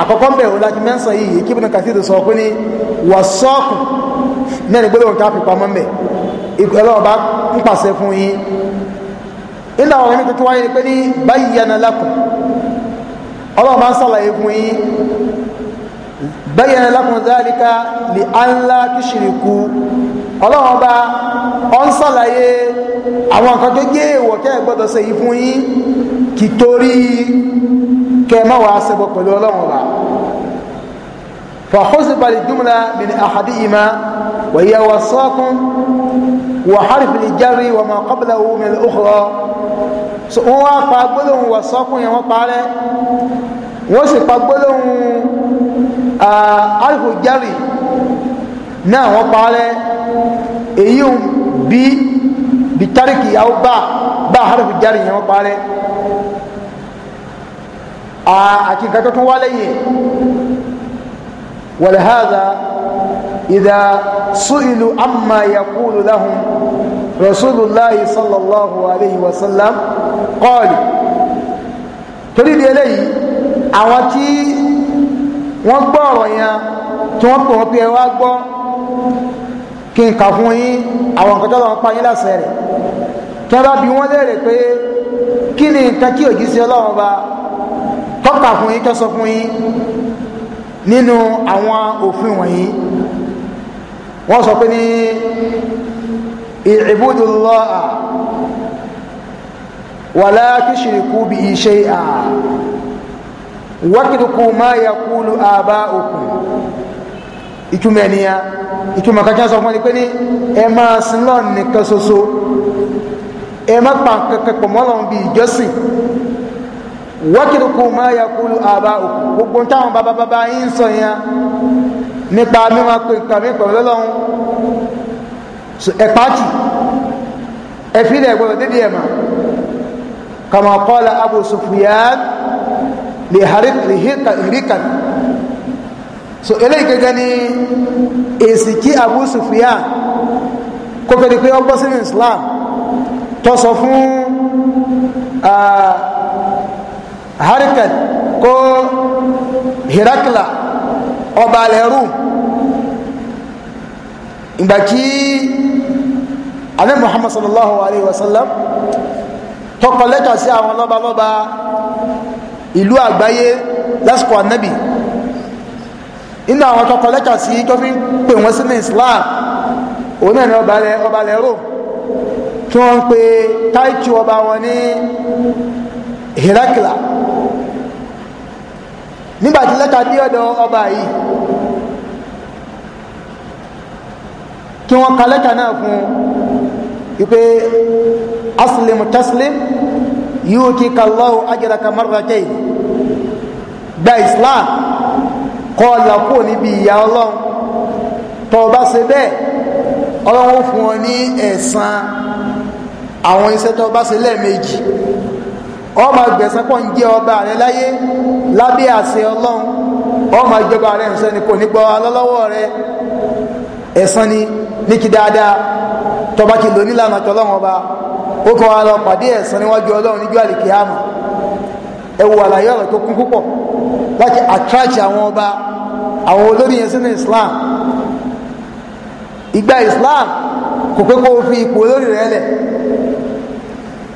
àkọ́kọ́ ń bẹ̀ wọ́n láti mẹ́sàn yìí kí ibùn Kathir sọ pé ní wọ́sọ́ọ̀kù mẹ́rin gbólóhùn tá a fi pamọ́ mẹ́ ìkọlọ́ ọba ń pàṣẹ fún yín nínú àwọn míì tó wáyé pé ní bayyana lakum ọlọ́run máa ń sàlàyé fún yín bayyana lakum dhalika li an la tushriku ọlọ́run ọba ọ ń sàlàyé àwọn nǹkan tó gé èèwọ̀ kẹ́ ẹ̀ gbọ́dọ̀ ṣe fún yín kì torí kẹ́ má wàá ṣẹbọ pẹ̀lú ọlọ́run ọba فحسب الجملة من أحدهما وهي وصاكم وحرف الجر وما قبله من الأخرى so wọ́n wá pa gbólóhùn wà sọ́kùn yẹn wọ́n parẹ́ wọ́n sì pa gbólóhùn àrífò ah, járì náà wọ́n pa alẹ́ èyí ń bí bí tárìkì yàwó bá bá harfi jari yẹn wọ́n pa alẹ́ àti nǹkan tó tún wá lẹ́yìn wàlẹ́hàdà ìdá su'ilu amma yaqulu lahum rasulullahi sallallahu alayhi wa sallam qalu torí di eléyìí àwọn tí wọ́n gbọ́ ọ̀rọ̀ yẹn tí wọ́n pè wọ́n pé ẹ wá gbọ́ kí n kà fún yín àwọn nǹkan tó lọ́wọ́ pa yín láṣẹ rẹ̀ kí wọ́n bá bi wọ́n léèrè pé kí ni nǹkan kí òjíṣẹ́ Ọlọ́run bá tọ́ka fún yín tọ́sọ fún yín nínú àwọn òfin wọ̀nyí wọ́n sọ pé ní i'budullaha wala tushriku bihi shay'a watruku ma yaqulu aba'ukum ìtumọ̀ ènìyàn ìtumọ̀ kankan sọ fún ẹni pé ní ẹ máa sin lọ́ọ̀ nìkan ṣoṣo ẹ má pa kankan pọ̀ mọ́lọ́n bí ìjọsìn wákìlùkù máa yà kúlù àbá òkú gbogbo táwọn bàbá bàbá yín sọ yẹn nípa mímọ̀ pé nǹkan mi pẹ̀lú lọ́hún ẹ pàtì ẹ fi ilẹ̀ gbọ́dọ̀ ẹ̀ mà kàmá qala Abu Sufyan lè hàrí kàrí so eléyìí gẹ́gẹ́ ni èsì kí Abu Sufyan kó tó di pé ọgbọ́n sínú Islam tó sọ fún Harikat kó Hirakla ọba alẹ́ Rome ìgbà kí alẹ́ Muhammad sallallahu alayhi wa sallam tó kọ lẹ́tọ̀ sí àwọn ìlú àgbáyé lásìkò ànábì inú àwọn tọkọ lẹ́tà sí tó fi ń pè wọ́n sínú Islam òun náà ni ọbalẹ̀ ọbalẹ̀ rò tí wọ́n ń pe táìtì ọba wọn ní Herakla nígbàtí lẹ́tà dé ọ̀dọ̀ ọba yìí kí wọ́n ka lẹ́tà náà fún ipe aslim taslim yu'tika Allahu ajraka marratayn gba Islam kọ́ ọ̀là kúrò níbi ìyá ọlọ́run tọ́ ọ bá ṣe bẹ́ẹ̀ ọlọ́run fún ọ ní ẹ̀san àwọn iṣẹ́ tọ́ ọ bá ṣe lẹ́ẹ̀mejì ọ máa gbẹ̀san pọ̀ ń jẹ́ ọba rẹ láyé lábẹ́ àṣẹ ọlọ́run ọ máa jọba rẹ ń sẹ́ni kò ní gbọ́ alọ́lọ́wọ́ rẹ ẹ̀san ni ní kí dáadáa tọba ti lò nílànà tọlọ́wọ́n ọba ó kọ́ wa lọ pàdé ẹ̀san níwájú ọlọ́run níjọ́ àlìkè àmọ́ ẹ àlàyé ọ̀rọ̀ tó kún púpọ̀ láti attract àwọn ọba àwọn olórí yẹn sínú islam ìgbà islam kò pé kó o fi ipò olórí rẹ lẹ̀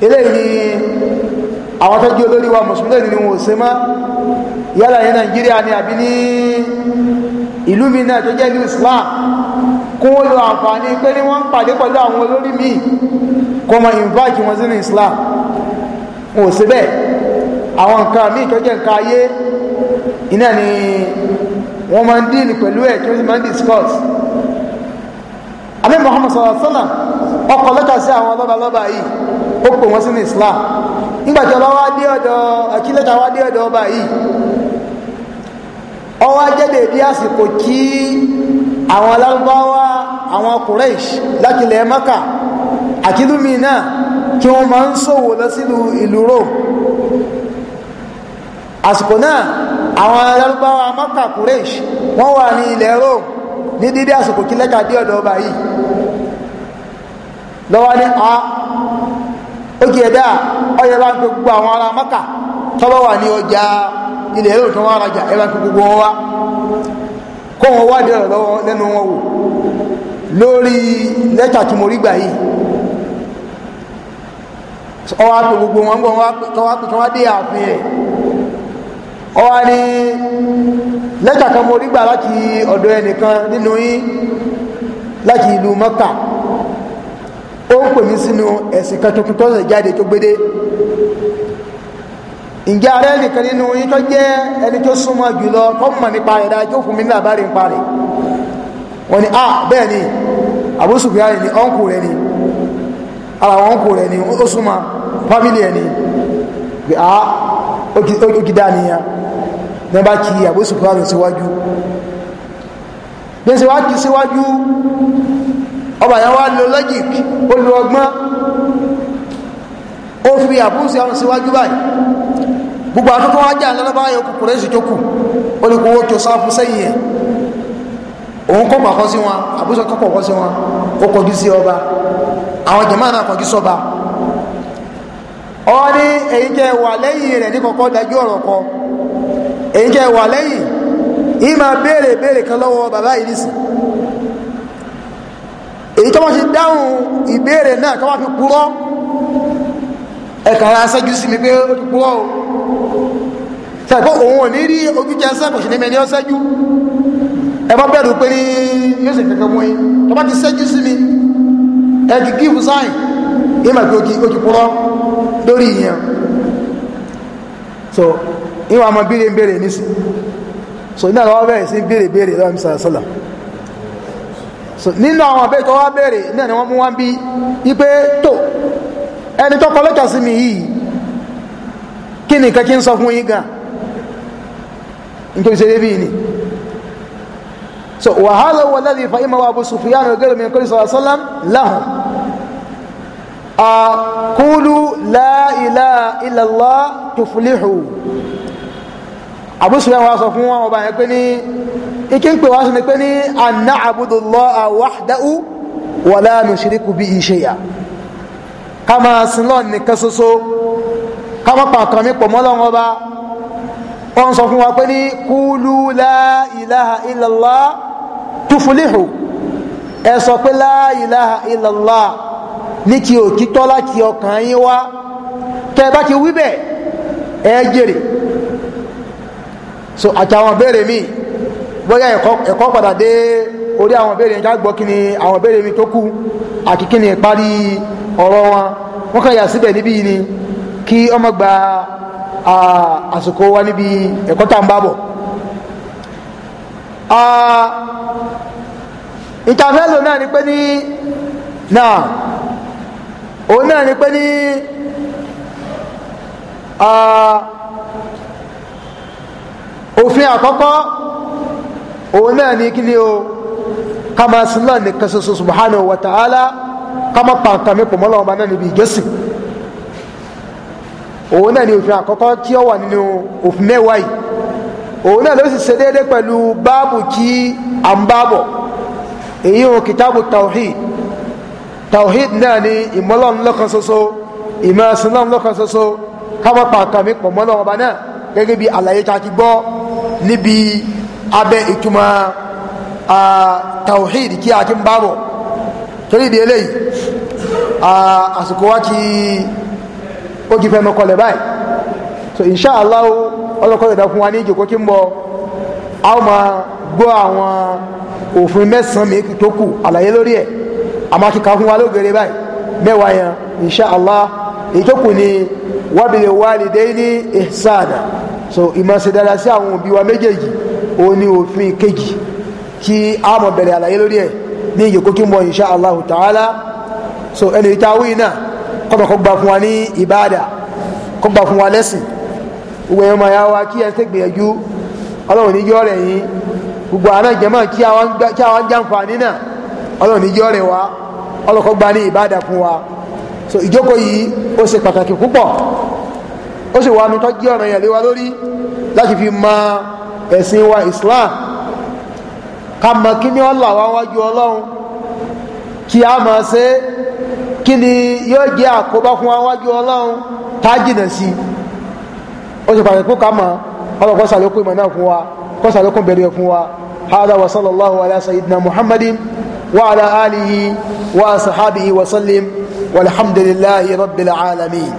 eléyìí ni àwọn tó olórí wa mùsùlùmí ni wọn ò ṣe mọ́ yálà ní nàìjíríà ni àbí ní ìlú mi náà tó jẹ́ ìlú islam kún ó lo àǹfààní pé ní wọ́n ń pàdé pẹ̀lú àwọn olórí míì kó mọ invite wọn sínú islam wọn ò ṣe bẹ́ẹ̀ àwọn nǹkan míì tó jẹ́ nǹkan ayé iná ni wọ́n máa ń díìlì pẹ̀lú ẹ̀ tí wọ́n sì máa ń discuss àbẹ́ Muhammad sallallahu alaihi wasallam ọkọ̀ lẹ́tà sí àwọn lọ́balọ́ba yìí ó pè wọ́n sínú Islam nígbà tí ọba wá dé ọ̀dọ̀ akílẹ́ta wá dé ọ̀dọ̀ ọba yìí ọwọ́ ajẹ́dẹ̀ bí àsìkò kí àwọn alárúbáwá àwọn Quraysh láti ilẹ̀ Mẹ́kà àkílùmí náà kí wọ́n máa ń ṣòwò lọ sílùú ìlú Rome àsìkò náà àwọn Lárúbáwá Mákà Kúrẹ́ṣ wọ́n wà ní ilẹ̀ Rome ní dídí àsìkò kí lẹ́tà dé ọ̀dọ̀ ọba yìí lọ́wọ́ ní a ó jẹ́ ẹ̀dá ọyẹ bá ń pe gbogbo àwọn ará Mákà tọ́bọ̀ wà ní ọjà ilẹ̀ Rome tó wọ́n rajà ẹ bá ń pe gbogbo wọn wá kó wọn wá dé ọ̀rọ̀ lọ́wọ́ lẹ́nu wọn wò lórí lẹ́tà tí mo rí gbà yìí ọwọ́ àpè gbogbo wọn gbọ́ wọn wá pé kí dé ààfin ọwá ní lẹ́tà kan mo rí gbà láti ọ̀dọ̀ ẹnìkan nínú yín láti ìlú mọ́kà ó ń pè mí sínú ẹ̀sìn kan tuntun tó ṣẹ̀ jáde tó gbédé ǹjẹ́ ara ẹnìkan nínú yín tó jẹ́ ẹni tó súnmọ́ jùlọ tó mọ̀ nípa rẹ̀ tó fún mi ní àbárí nípa rẹ̀ wọ́n ní a bẹ́ẹ̀ ni àbúsùfìyà rẹ̀ ni ọ̀nkù rẹ̀ ni ara wọn kò rẹ̀ ni ó súnmọ́ fámílì ẹ̀ ni ó kí dá nìyàn wọ́n bá kí Abu Sufyan síwájú bí ẹ ṣe wá kí síwájú ọba yẹn wá lo logic ó lo ọgbọ́n ó fi Abu Sufyan síwájú báyìí gbogbo àtúntò wájà lọ́lọ́bá yòókù kùrẹ́sì tó kù ó ní kó wọ́n tó sáfù sẹ́yìn ẹ̀ òun kọ́ pàkọ́ sí wọn àbúṣọ kọ́ pàkọ́ sí wọn ó kọjú sí ọba àwọn jẹ̀mọ́ náà kọjú sọba ọ ní èyí tẹ wà lẹ́yìn rẹ̀ ní kọ̀kọ́ dájú ọ̀rọ̀ kọ́ èyí jẹ́ wà lẹ́yìn yìí máa béèrè béèrè kan lọ́wọ́ bàbá yìí nìsín èyí tó wọ́n ṣe dáhùn ìbéèrè náà tó wọ́n fi purọ́ ẹ̀ka ara ṣẹ́jú sí mi pé ó ti purọ́ o tẹ̀kọ́ òun ò ní rí ojújẹ ṣẹ́kù sí ní mẹ́ni ó ṣẹ́jú ẹ bá bẹ̀rù pé ní yóò sì kankan mú yín tó bá ti ṣẹ́jú sí mi ẹ ti give sign yìí máa fi ojú purọ́ lórí ìyẹn so ìwà ọmọ bíire ń béèrè nísì so iná lọ́wọ́ bẹ̀rẹ̀ sí béèrè béèrè lọ́wọ́ mísà sọ́là so nínú àwọn àbẹ́ tó wá béèrè náà ni wọ́n mú wọn bí wípé tó ẹni tó kọ lẹ́tà sí mi yìí kí ni nǹkan ń sọ fún yín gan nítorí ṣe débí ni so wàhálà wọn lẹ́yìn ìfà ìmọ̀ Abu Sufyan ọgẹ́rẹ́ mi kọ́lé sọ̀rọ̀ sọ́lám láhùn aqulu la ilaha illallah àbúsùlẹ̀ wa sọ fún wọn ọba yẹn pé ní ike ń pè wá sí ni pé ní anna abudullaha wahdahu wala nushriku bihi shay'a ká máa sin lọ́ọ̀ nìkan ṣoṣo ká má pàǹkan mi pọ̀ mọ́ Ọlọ́run ọba wọ́n sọ fún wa pé ní kúlú la ilaha tufulihu ẹ sọ pé la ilaha ní ti òkítọ́ láti ọkàn yín wá kẹ bá ti wí bẹ́ẹ̀ ẹ jèrè so àtàwọn béèrè mi bóyá ẹ̀kọ́ padà dé orí àwọn béèrè yẹn jágbọ́ ni àwọn béèrè mi tó kù àti kí ni ìparí wọn wọ́n kàn yà síbẹ̀ níbí ni kí ọmọ wa níbi ẹ̀kọ́ tá à ń bá bọ̀ ìtàfẹ́lò náà ni pé ní náà òun náà ni pé òfin àkọ́kọ́ òun náà ní kí ni o ká máa sin náà nìkan ṣoṣo subhanahu wa ta'ala ká má pa nǹkan mi pọ̀ mọ́lọ́wọ́ ọba náà níbi ìjọsìn òun náà ni òfin àkọ́kọ́ tí ó wà nínú òfin mẹ́wàá yìí òun náà ló sì ṣe déédé pẹ̀lú báàbù kí à ń báàbọ̀ èyí ò kìtàbù tawhid tawhid náà ni ìmọ́lọ́run lọ́kan ṣoṣo ìmọ̀ọ́sìn lọ́kan ṣoṣo ká má pa nǹkan mi pọ̀ mọ́lọ́wọ́ ọba náà gẹ́gẹ́ bí àlàyé ta ti gbọ́ níbi abẹ́ ìtumọ̀ tawhid kí a ti ń bábọ̀ torí ìdí eléyìí àsìkò wá ti ó ti fẹ́ mọ́kànlẹ̀ báyìí so inshallah ọlọ́kọ̀lẹ̀ dá fún wa ní ìjòkó kí ń bọ̀ a ó máa gbọ́ àwọn òfin mẹ́sàn-án méjì tó kù àlàyé lórí ẹ̀ a máa kíkà fún wa lóògèrè báyìí mẹ́wàá yẹn inshallah èyí ni wa bil walidayni ihsana so ìmọ̀ọ́sẹ̀ dáadáa sí àwọn òbí wa méjèèjì ó ní òfin kejì tí a mọ̀ bẹ̀rẹ̀ àlàyé lórí ẹ̀ ní ìyókò kí n bọ̀ insha Allah ta'ala so ẹni ìtawí náà kọ́mọ̀ kó gba fún wa ní ìbáàdà kó gba fún wa lẹ́sìn gbogbo ẹ̀yọ́ máa yá wa kí ẹ ṣe gbìyànjú ọlọ́run níjọ́ rẹ̀ yín gbogbo àná jẹ́mọ̀ kí àwọn jàǹfààní náà ọlọ́run níjọ́ rẹ̀ wa ọlọ́kọ́ gba ní ìbáàdà fún wa so ìjókòó yìí ó ṣe pàtàkì púpọ̀ ó sì wà ní tọ́jú ọ̀ràn yẹn lé wa lórí láti fi mọ ẹ̀sìn wa Islam ká mọ kí ni ọ̀là wa wájú Ọlọ́run kí a mọ̀ ṣe kí ni yóò jẹ́ àkóbá fún wa wájú Ọlọ́run tá jìnà sí ó sì pàṣẹ pé ká mọ̀ ọlọ́kọ́ sàlékún ìmọ̀ náà fún wa kọ́ sàlékún bẹ̀rẹ̀ fún wa hada wa sallallahu ala sayyidina muhammadin وعلى آله وأصحابه وسلم والحمد لله رب العالمين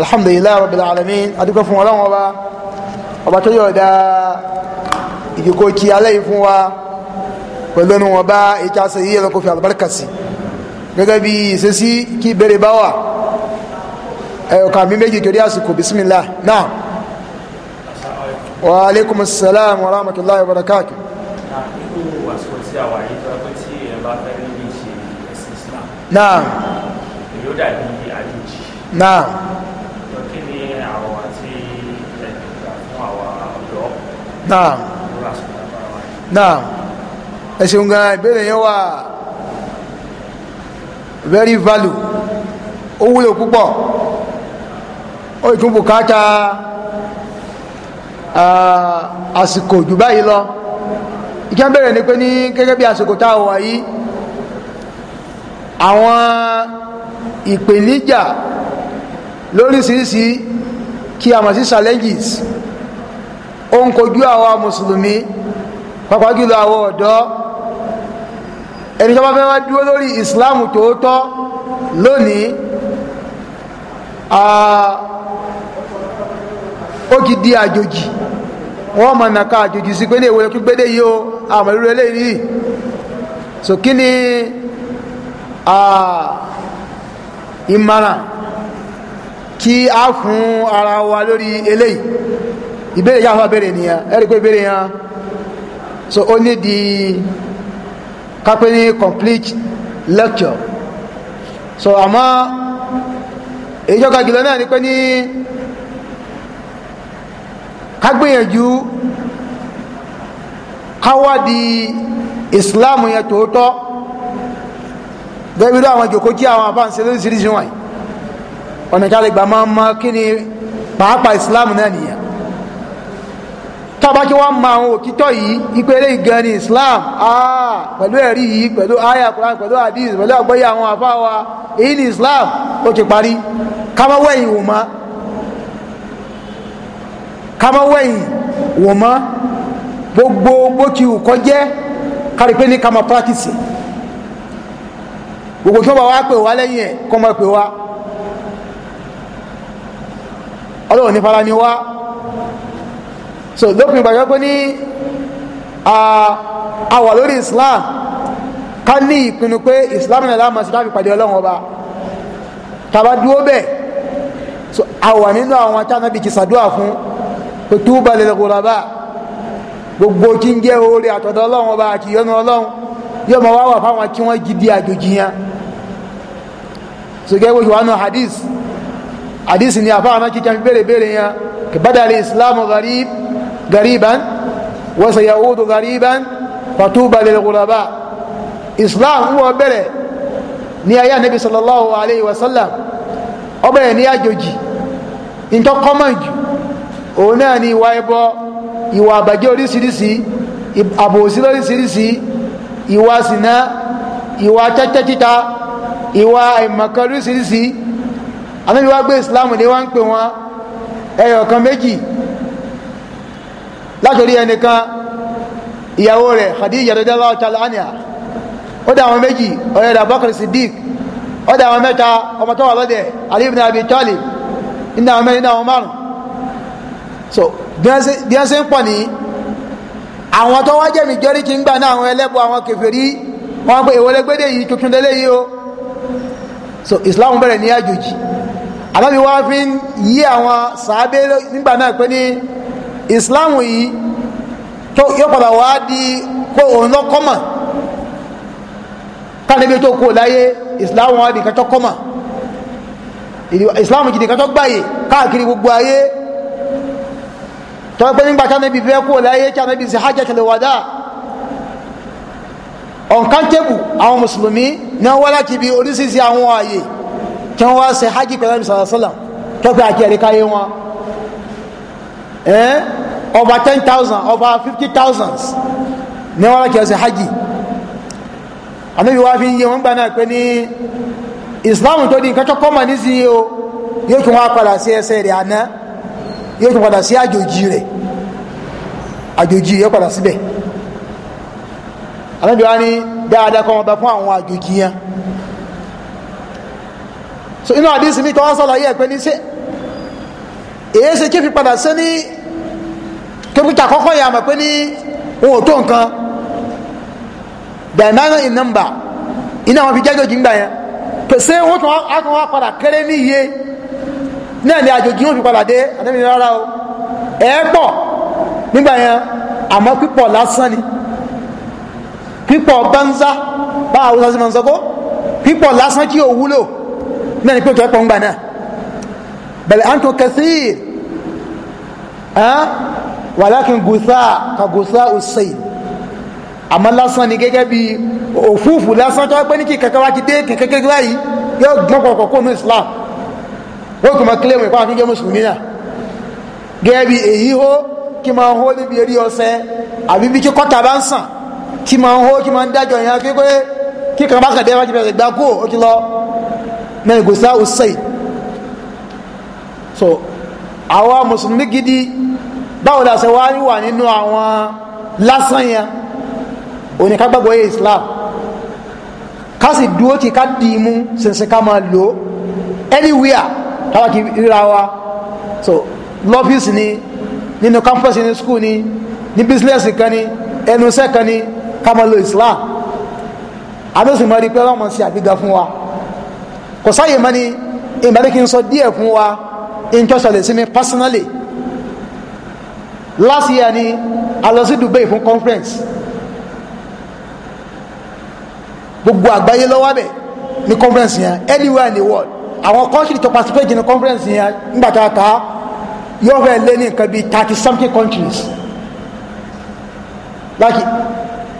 alhamdulilayi rabbil alamin adúgbò fún ọlọ́wọ́n ọba ọba tó yọ̀ da ìdíkò kí alẹ́ yìí fún wa pẹ̀lú ẹnu wọn bá ìjà ṣe yí ẹlẹ́kọ̀ọ́ fi àlùbáríkà sí gẹ́gẹ́ bí ìṣesí kí ìbẹ̀rẹ̀ bá wà ẹ̀ọ̀kà mi méjì torí àsìkò bismillah náà wa aleykum salaam wa rahmatulahi wa barakatu. naam. naam. náà náà ẹ ṣeun gan ìbéèrè yẹn wà very value ó wúlò púpọ̀ ó ìtún bùkátà àsìkò jù báyìí lọ ìkẹ́ ń bẹ̀rẹ̀ ni pé ní gẹ́gẹ́ bí àsìkò tá a wà yìí àwọn ìpèníjà lóríṣiríṣi kí a mọ̀ sí challenges ó ń kojú àwa mùsùlùmí pàápàá jùlọ àwa ọ̀dọ́ ẹni tó bá fẹ́ wá dúró lórí ìsìláàmù tòótọ́ lónìí ó ti di àjòjì wọ́n mọ̀ nàka àjòjì sí pé ní gbédè o ìrú so kí ni ìmọ̀ràn kí a fún ara wa lórí eléyìí ìbéèrè yàwó abẹ́rẹ́ nìyẹn ẹ̀rí pé ìbéèrè yẹn so ó ní di kápẹ́ ní complete lecture so àmọ́ èyí ọ̀gá jùlọ náà ni pé ní kágbìyànjú káwádìí Islam yẹn tòótọ́ gẹ́gẹ́ bí àwọn ìjòkó jí àwọn àbáǹsẹ̀ lóríṣiríṣi wọ̀nyí ọ̀nà ìjálẹ̀gbà máa ń mọ kí ni pàápàá Islam náà nìyẹn tàbá kí wọ́n ma àwọn òkítọ́ yìí ipé eré ìgan Islam ah pẹ̀lú ẹ̀rí yìí pẹ̀lú aya Quran pẹ̀lú hadith pẹ̀lú àgbọ́yé àwọn àfáwa èyí ní Islam ó ti parí kámọ́wẹ́yìn wò má kámọ́wẹ́yìn wò má gbogbo gbókì òkọ́ jẹ́ kárí pé ní kámọ́ practice gbogbo tí wọ́n bá wá pè wá lẹ́yìn ẹ̀ kọ́ mọ́ pè wá ọlọ́run ní fara so lópin ìgbà pé ní àwà lórí islam ká ní ìpinnu pé islam náà láàmà sí láti pàdé ọlọ́run ọba tàbá dúró bẹ́ẹ̀ so àwà nínú àwọn tánábì ti sàdúà fún pé túbà lil ghuraba gbogbo kí ń jẹ́ oore àtọ̀dọ̀ ọlọ́run ọba àti ìyọ́nú ọlọ́run yóò máa wá wà fáwọn tí wọ́n jí di àjòjì yẹn so gẹ́gẹ́ bó ṣe wà nù hadith hadith ni àfáwọn máa kíkẹ́ béèrè béèrè yẹn kì bá islam gharib gariban wasayaudu gariban fatuba lilghuraba islam wọ́n bẹ̀rẹ̀ ní ayé anabi sallallahu alayhi wa sallam ó bẹ̀rẹ̀ ní àjòjì nǹkan kọ́mọ̀n jù òun náà ni ìwà ẹbọ ìwà àbàjẹ́ oríṣiríṣi àbòsí lóríṣiríṣi ìwà sìnà ìwà tẹ́tẹ́ títa ìwà ìmọ̀kan oríṣiríṣi anabi wa gbé islam ní wọ́n ń pè wọ́n ẹyọ̀kan méjì látòrí ẹnìkan ìyàwó rẹ̀ Khadija radiyallahu ta'ala anha ó dá àwọn méjì ọ̀rẹ́ rẹ̀ Abubakar Siddiq ó dá àwọn mẹ́ta ọmọ tó wà lọ́dẹ̀ Ali Abi Talib nínú àwọn mẹ́rin náà márùn so bí wọ́n ṣe ń pọ̀ ní àwọn tó wá jẹ́ mi jẹ́rí kí ń gbà náà àwọn ẹlẹ́bọ àwọn kèfèrí wọn pé ìwọlẹ́gbẹ́dẹ́ yìí tuntun lélẹ́yìí o so Islam bẹ̀rẹ̀ ní àjòjì àbábi wá fi ń yí àwọn sàábé nígbà náà pé ní islam yìí tó yọ padà wá di pé òun lọ kọ́mà kánibí tó kú láyé islam wá di kàtọ́ kọ́mà islam jìdí kàtọ́ gbàyè káàkiri gbogbo ayé tọ́wọ́ pé nígbà kánibí fẹ́ kú láyé kánibí sí hajjatul wada ọ̀nkántẹ́bù àwọn mùsùlùmí ní wọ́n wá láti ibi oríṣiríṣi àwọn ààyè tí wọ́n wá ṣe hajj pẹ̀lú àmì sàlásàlám tọ́pẹ́ àti ẹ̀ríkáyé wọn over ten thousand over fifty thousands ní wọn kì í ṣe hajj ànábi wa fi ń yé wọn gbà náà pé ní islam tó di nǹkan tó kọ́ mà nísìnyí o yóò tún wá padà sí ẹsẹ̀ rẹ̀ àná yóò tún padà sí àjòjì rẹ̀ àjòjì yóò padà síbẹ̀ ànábi wa ní dáadáa kọ́ wọn bá fún àwọn àjòjì yẹn so inú àdísí mi tọ́wọ́ sọ́lá yẹ́ pé ní ṣe èyí ṣe kí fi padà sí ní tòbítà kọ́kọ́ yà mọ̀ pé ní wọn ò tó nǹkan dàìmánà ìnàmbà iná wọn fi jájòjì ń gbà yẹn pèsè wọn tún akọ wa padà kéré ní iye náà ni àjòjì wọn fi padà dé àtẹ́mi rárá o ẹ̀ pọ̀ nígbà yẹn àmọ́ pípọ̀ lásán ni pípọ̀ bánzá bá àwọn ọ̀sán sí máa ń sọ́kó pípọ̀ lásán kí ò wúlò náà ni pé òtún ẹ̀pọ̀ ń gbà náà bẹ̀rẹ̀ àǹtò kẹsí wàlákin gùsá ka gùsá ọ̀sẹ̀ àmọ́ lásán ni gẹ́gẹ́ bí òfúùfù lásán tó wá pé ní kí kankan wá ti dé kankan gẹ́gẹ́ báyìí yóò gbọ́n kọ̀ọ̀kọ̀ kó nu Islam wọ́n kò máa kílẹ̀ wọn ìpáwọn tó jẹ́ mùsùlùmí náà gẹ́gẹ́ bí èyí hó kí máa hó níbi eré ọ̀sẹ̀ àbí bí kí kọ́ta bá ń sàn kí máa hó kí máa ń dájọ́ yẹn kí pé kí kankan bá kàn dé wájú bẹ̀rẹ̀ gbá kó o ti lọ mẹ́rin gùsá ọ̀sẹ̀ so àwa mùsùlùmí gidi báwo la ṣe wá wà nínú àwọn lásán yẹn oníkágbàgbọ́ yẹ islam ká sì dúó kí ká dì í mú ṣinṣin ká máa lò ó anywhere káwá kí ríra wa so lọ́fíìsì ni nínú campus ní school ni ní business kan ni ẹnu iṣẹ́ kan ni ká máa lo islam àdóṣì mọ́ rí pé wọ́n mọ̀ sí àgbéga fún wa kò sáyè mọ́ ni ìmọ̀lẹ́kí ń sọ díẹ̀ fún wa in tó ṣẹlẹ̀ sí mi personally last year ni a lọ sí Dubai fún conference gbogbo àgbáyé ló wá bẹ̀ ní conference yẹn anywhere in the world àwọn country tó participate ní conference yẹn nígbà tá a kà yóò fẹ́ lé ní nǹkan bíi thirty something countries like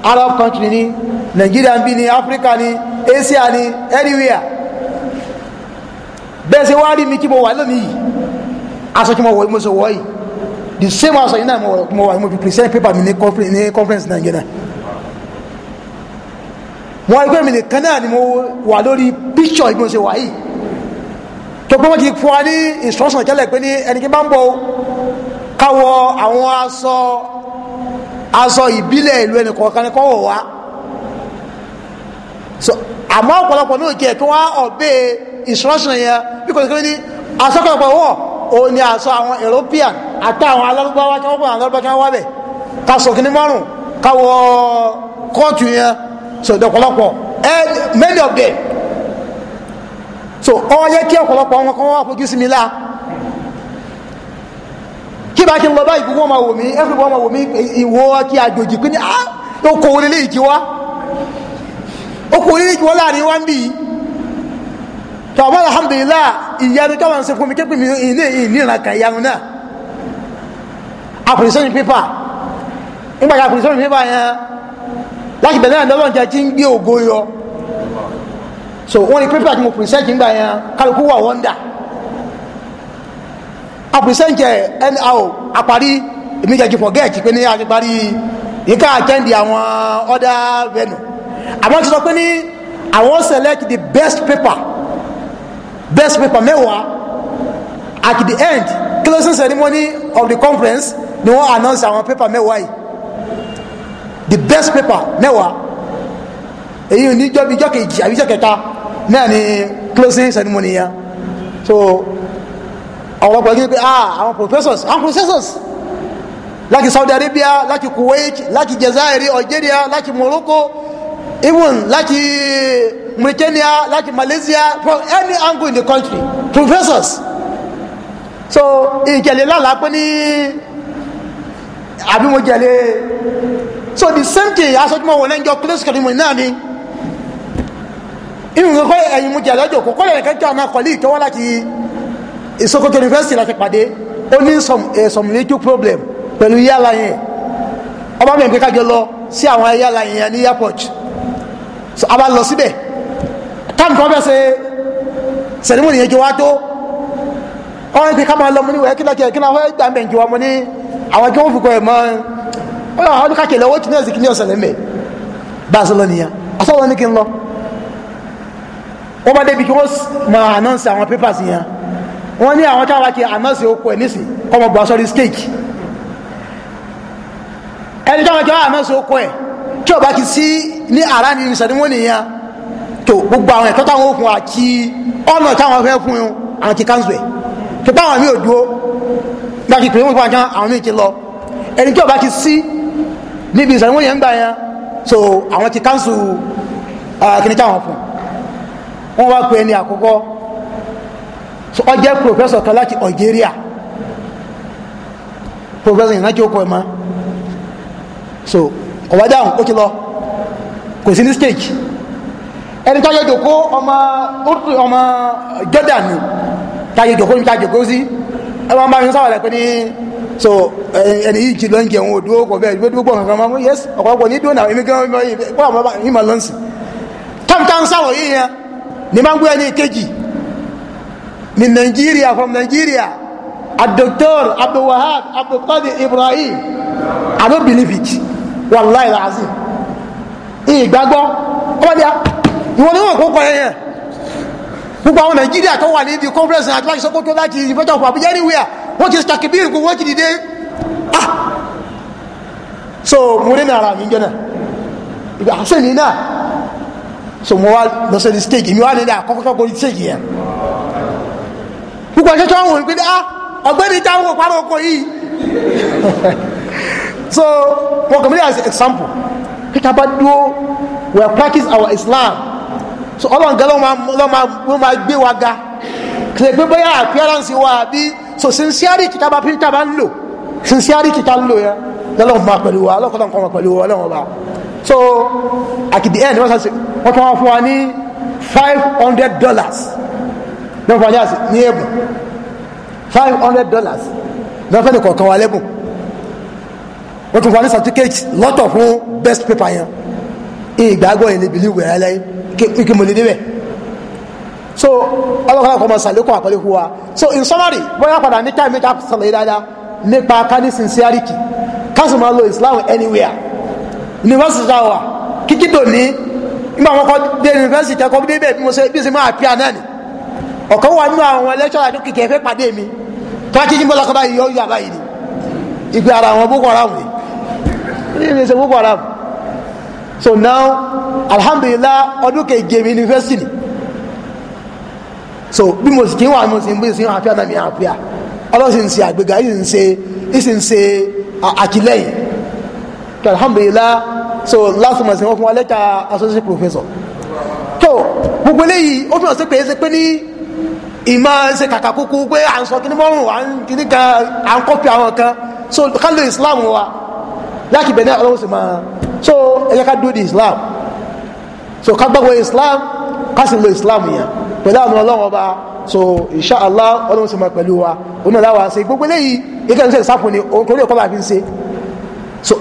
Arab country ni Nigeria bí ni Africa ni Asia ni anywhere bẹ́ẹ̀ sẹ́ wá rí mi kí mo wà lónìí yìí aṣọ kí mo wọ̀ yìí mo sọ wọ̀ yìí the same house I náà mo wà mo fi present paper mi ní conference nàìjíríà wọn ẹgbẹ́ mi nìkan náà ni mo wà lórí picture ìgbọ̀nsẹ̀ wà yìí tó pé wọ́n ti fún wa ní instruction tẹ́lẹ̀ pé ní ẹni kí n bá ń bọ̀ káwọ àwọn aṣọ aṣọ ìbílẹ̀ ìlú ẹnì kọ̀ọ̀kan ni kọ́wọ̀ wá so àmọ́ ọ̀pọ̀lọpọ̀ ní òkè kí wọ́n ọ̀bẹ instruction yẹn bí kò ní kí wọ́n ní aṣọ kọ̀ọ̀pọ̀ wọ̀ òun ni aṣọ àwọn European àtàwọn alárúgbáwá kí wọ́n pè àwọn alárúgbáwá kí wọ́n wá bẹ̀ ká sọ kí ní márùn ká wọ kóòtù yẹn so dọ̀pọ̀lọpọ̀ many of them so ọ yẹ kí ọ̀pọ̀lọpọ̀ wọn kọ́ wọ́n fojú sí mi lá kí bá kí n lọ bá ìgbógbó ọmọ wò mí everybody ọmọ wò mí ìwọ kí àjòjì pé ní ah ó kò orí lè jí wá ó kò orí lè jí wá láàrin wá ń bì í tọ́ ọ̀bọ̀ alhamdulillah ìyanu káwọn ṣe fún mi képe mi ìní ìnírankan ìyanu náà apèrè sẹ́yìn pépà nígbà tí apèrè sẹ́yìn pépà yẹn láti bẹ̀rẹ̀ àdánwò ọ̀jà tí ń gbé ògo yọ so wọ́n ní pépà tí mo pèrè sẹ́yìn gbà yẹn kálukú wà wọ́ndà apèrè sẹ́yìn jẹ nro àparí èmi jẹ́ jùpọ̀ gẹ́ẹ̀tì pé ní a ti parí yíká àtẹ́ǹdì àwọn ọ̀dà venue àmọ́ ti sọ pé ní àwọn select the best paper best paper mẹ́wàá at the end closing ceremony of the conference ni wọ́n announce àwọn pépà mẹ́wàá yìí the best paper mẹ́wàá èyí ní jọ́bi jọ́ kejì àbí jọ́ kẹta náà ni closing ceremony yẹn so ọ̀rọ̀ pẹ̀lú pé ah àwọn professors àwọn professors láti Saudi Arabia láti Kuwait láti Jazairi Algeria láti Morocco even láti Mauritania láti Malaysia from any angle in the country professors so ìjẹ̀lẹ̀ lálàá pé ní àbí mo jẹ̀lé so the same thing aṣọ tí mo wọ̀ lẹ́njọ́ close kan ní mo náà ni ìrùn kọ́ ẹ̀yìn mo jẹ̀lé ọjọ́ kò kọ́lẹ̀ kẹ́kẹ́ ọmọ kọ́lí ìtọ́wọ́ láti Sokoto university láti pàdé ó ní some eh, some little problem pẹ̀lú yàrá yẹn ọba mi nǹkan kájọ lọ sí àwọn yàrá yẹn ní airport so a bá lọ síbẹ̀ táwọn kan bẹ́ẹ̀ ṣe sẹ̀dúnmọ̀ nìyẹn jọ wá tó ọ̀hún pé ká máa lọ mo ní wẹ̀ẹ́ kí lọ́kẹ́ kí lọ́kẹ́ gbà ń bẹ̀ ń jọ wá mo ní àwọn kí wọ́n fi kọ́ ẹ̀ mọ́ ọ̀rọ̀ àwọn káàkiri lọ́wọ́ tí náà sì kí ní ọ̀sẹ̀ lẹ́mẹ̀ bá a sọ lọ nìyẹn ọ̀sọ́ wọn ní kí n lọ wọ́n bá débi kí wọ́n máa anọ́ǹsì àwọn pépàs yẹn wọ́n ní àwọn táwọn kí anọ́ǹsì okò ẹ̀ nísì kọ́mọ bọ̀ sọ́rí skéèkì ẹni táwọn kí wọ́n anọ́ǹsì okò ẹ̀ tí ọba kì sí ní àrá ni ìṣẹ̀lẹ̀ wọn nìyẹn tó gbogbo àwọn ẹ̀tọ́ táwọn òkun àti ọ̀nà táwọn fẹ́ fún un àti káńsù láti pè wọ́n pàjá àwọn míì ti lọ ẹni tí ọba ti sí níbi ìsọ̀rọ̀ wọ́n yẹn ń gbà yẹn so àwọn ti káńsù kìnní táwọn fún wọ́n wá pè ẹni àkọ́kọ́ so ọ jẹ́ pòfẹ́sọ̀ kan láti Algeria pòfẹ́sọ̀ yìí láti ó kọ́ ẹ̀ mọ́ so ọ̀wá dáhùn ó ti lọ kò sí ní stage ẹni táyé jòkó ọmọ Jordan ni táyé jòkó ní táyé jòkó sí ẹ máa ń bá mi sáwà lẹ́pẹ́ ní so ẹni yìí jìlọ ń jẹun òdúró kọ bẹ́ẹ̀ ìgbé dúró pọ̀ nǹkan yẹs ọ̀pọ̀lọpọ̀ ní dúró èmi gan ọmọ yìí kó àwọn bá yìí máa lọ sí. tọ́mtà yìí yẹn ni máa ń gbé ẹni kejì ní nàìjíríà from nàìjíríà adoktor abdulwahab abdulkadir ibrahim i don't believe it wàllayi làásì ìgbàgbọ́ kọ́ni ìwọ ni wọ́n kó kọ́ yẹn yẹn gbogbo àwọn nàìjíríà tó wà níbi conference àti láti sọ́kótó láti ìfẹ́jọ́ fún àbújá anywhere wọ́n ti sàkébí ìrìnkú wọ́n ti dìde ah so mo rí nàrà mi jẹ́nà ìgbà àṣẹ ní náà so mo wá lọ sí ní stage mi wá nílẹ̀ àkọ́kọ́ kọ́ stage yẹn gbogbo àṣẹ́ṣọ́ àwọn òpin ah ọ̀gbẹ́ni táwọn òpárọ̀ ọkọ̀ yìí so mo kàn mí ní as example kíkà bá dúró we practice our Islam so ọlọ́run gan ló máa gbé wa ga kì í bóyá appearance wa àbí so sincerity tá a bá fi tá a bá ń lò sincerity tá a ń lò yẹn lọ́lọ́run máa pẹ̀lú wa ọlọ́kọ̀ọ́lọ́ nǹkan wọn pẹ̀lú wa ọlọ́run ọba so at the end wọ́n sọ wọ́n tún wá fún wa ní five hundred dollars ní wọ́n fún wa ní àsì ní ẹ̀bùn five hundred dollars ní wọ́n fẹ́ ní kọ̀ọ̀kan wa lẹ́bùn wọ́n tún fún wa ní certificate lọ́tọ̀ fún best paper yẹn ìgbàgbọ́ yẹn lè believe wẹ̀rẹ́ lẹ́yìn kí mo lè so ọlọ́kọ̀ọ́ kọ́ mọ sàlékún àpẹẹrẹ fún wa so in summary bóyá padà ní káyọ̀ méjì àpẹẹrẹ yìí dáadáa nípa ká sincerity ká sì máa lo Islam anywhere university ta wà kíkí tó ní nígbà wọn kọ́ dé university kẹ́kọ̀ọ́ débẹ̀ bí mo ṣe bí mo ṣe máa pí àná ni ọ̀kan wà nínú àwọn lẹ́kṣọ́rà tó kìkẹ́ fẹ́ pàdé mi tọ́jú ní bọ́lá kọ́bá yìí yọ àbáyé ni ìgbé ara àwọn boko haram ni ní ìrìnsẹ̀ boko haram so now alhamdulillah ọdún keje mi yunifásitì ni so bí mo sì kí wà mo sì ń bí sí àpíà náà mi àpíà ọlọ́sìn ṣe àgbéga ìsìn ṣe ìsìn ṣe àtìlẹ́yìn tó alhamdulillah so last month wọ́n fún wa lẹ́tà associate professor So gbogbo eléyìí ó fi hàn sí pé ṣe pé ní ìmọ̀ ṣe kàkà kúkú pé à ń sọ kí ni mọ́rùn à ń kí kan à ń kọ́pì àwọn kan so kálọ̀ islam wa láti bẹ̀ ọlọ́run sì máa so ẹ̀yẹ́ ká dúró di islam so ká gbàgbọ́ islam ká sì lo islam yẹn pẹ̀lú àwọn ọlọ́run ọba so insha allah ọlọ́run sì máa pẹ̀lú wa òun náà láwa ṣe gbogbo eléyìí ìkẹ́ ní sẹ́ ìsáfù ni òun torí ẹ̀kọ́ bá fi ń ṣe so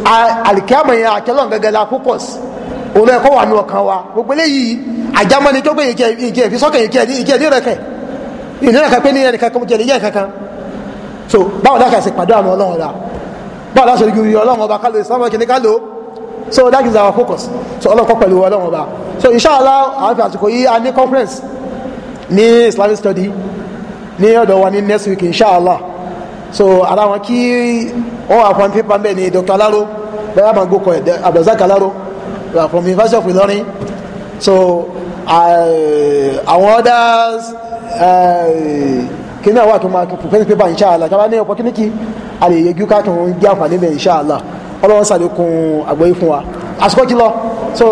àlìkíámọ̀ yẹn àkẹ́lọ́n gẹ́gẹ́ la focus òun náà ẹ̀kọ́ wà ní ọkàn wa gbogbo eléyìí àjámọ́ ni tó gbé ìjẹ́ ìfisọ́kẹ̀ ìjẹ́ ìdírẹ̀kẹ̀ ìdírẹ̀kẹ̀ pé ní ẹnìkan kan jẹ́ ìyẹ́ kankan so báwo láti àṣepàdé àwọn ọlọ́run ọba báwo láti ṣe orí ọlọ́run ọba kálò ìsọ́mọ́ kìnnìkan lò ó so that is our focus so ọlọ́run kọ́ pẹ̀lú ọlọ́run ọba so inshallah àwọn fi àsìkò yìí a ní conference ní islamic study ní ọ̀dọ̀ wa ní next week inshallah so ara wọn kí wọ́n wà fún pépà mbẹ́ ni dr alaro bẹ́ẹ̀ máa gbókọ̀ ẹ̀ abdulrasaq alaro from university of ilorin so eh, àwọn uh, others eh, kí ni àwọn àtúmọ̀ pépà inshallah tí a bá ní ọ̀pọ̀ kíníkì a lè yege ká tó ń gbé àǹfààní bẹ́ẹ̀ inshallah ọlọ́wọ́ sàlékún àgbọ́yé fún wa àsìkò so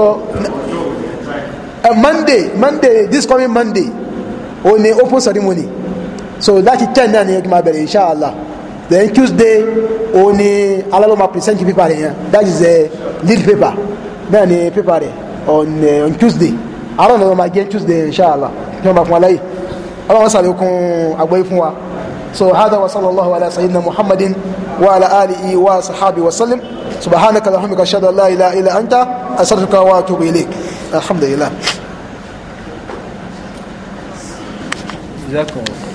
monday monday this coming monday ó ní open ceremony so láti ten náà ni ẹ kí máa bẹ̀rẹ̀ inshallah then tuesday ó ní alálọ́ máa present paper rẹ̀ yẹn that is a lead paper náà ni paper rẹ̀ on, eh, on tuesday àárọ̀ náà máa jẹ́ tuesday inshallah kí wọ́n máa fún wa láyè ọlọ́wọ́ sàlékún àgbọ́yé fún wa so هذا وصلى الله على سيدنا محمد وعلى آله وصحابه وسلم سبحانك اللهم وبحمدك اشهد ان لا اله الا انت استغفرك واتوب اليك الحمد لله جزاكم الله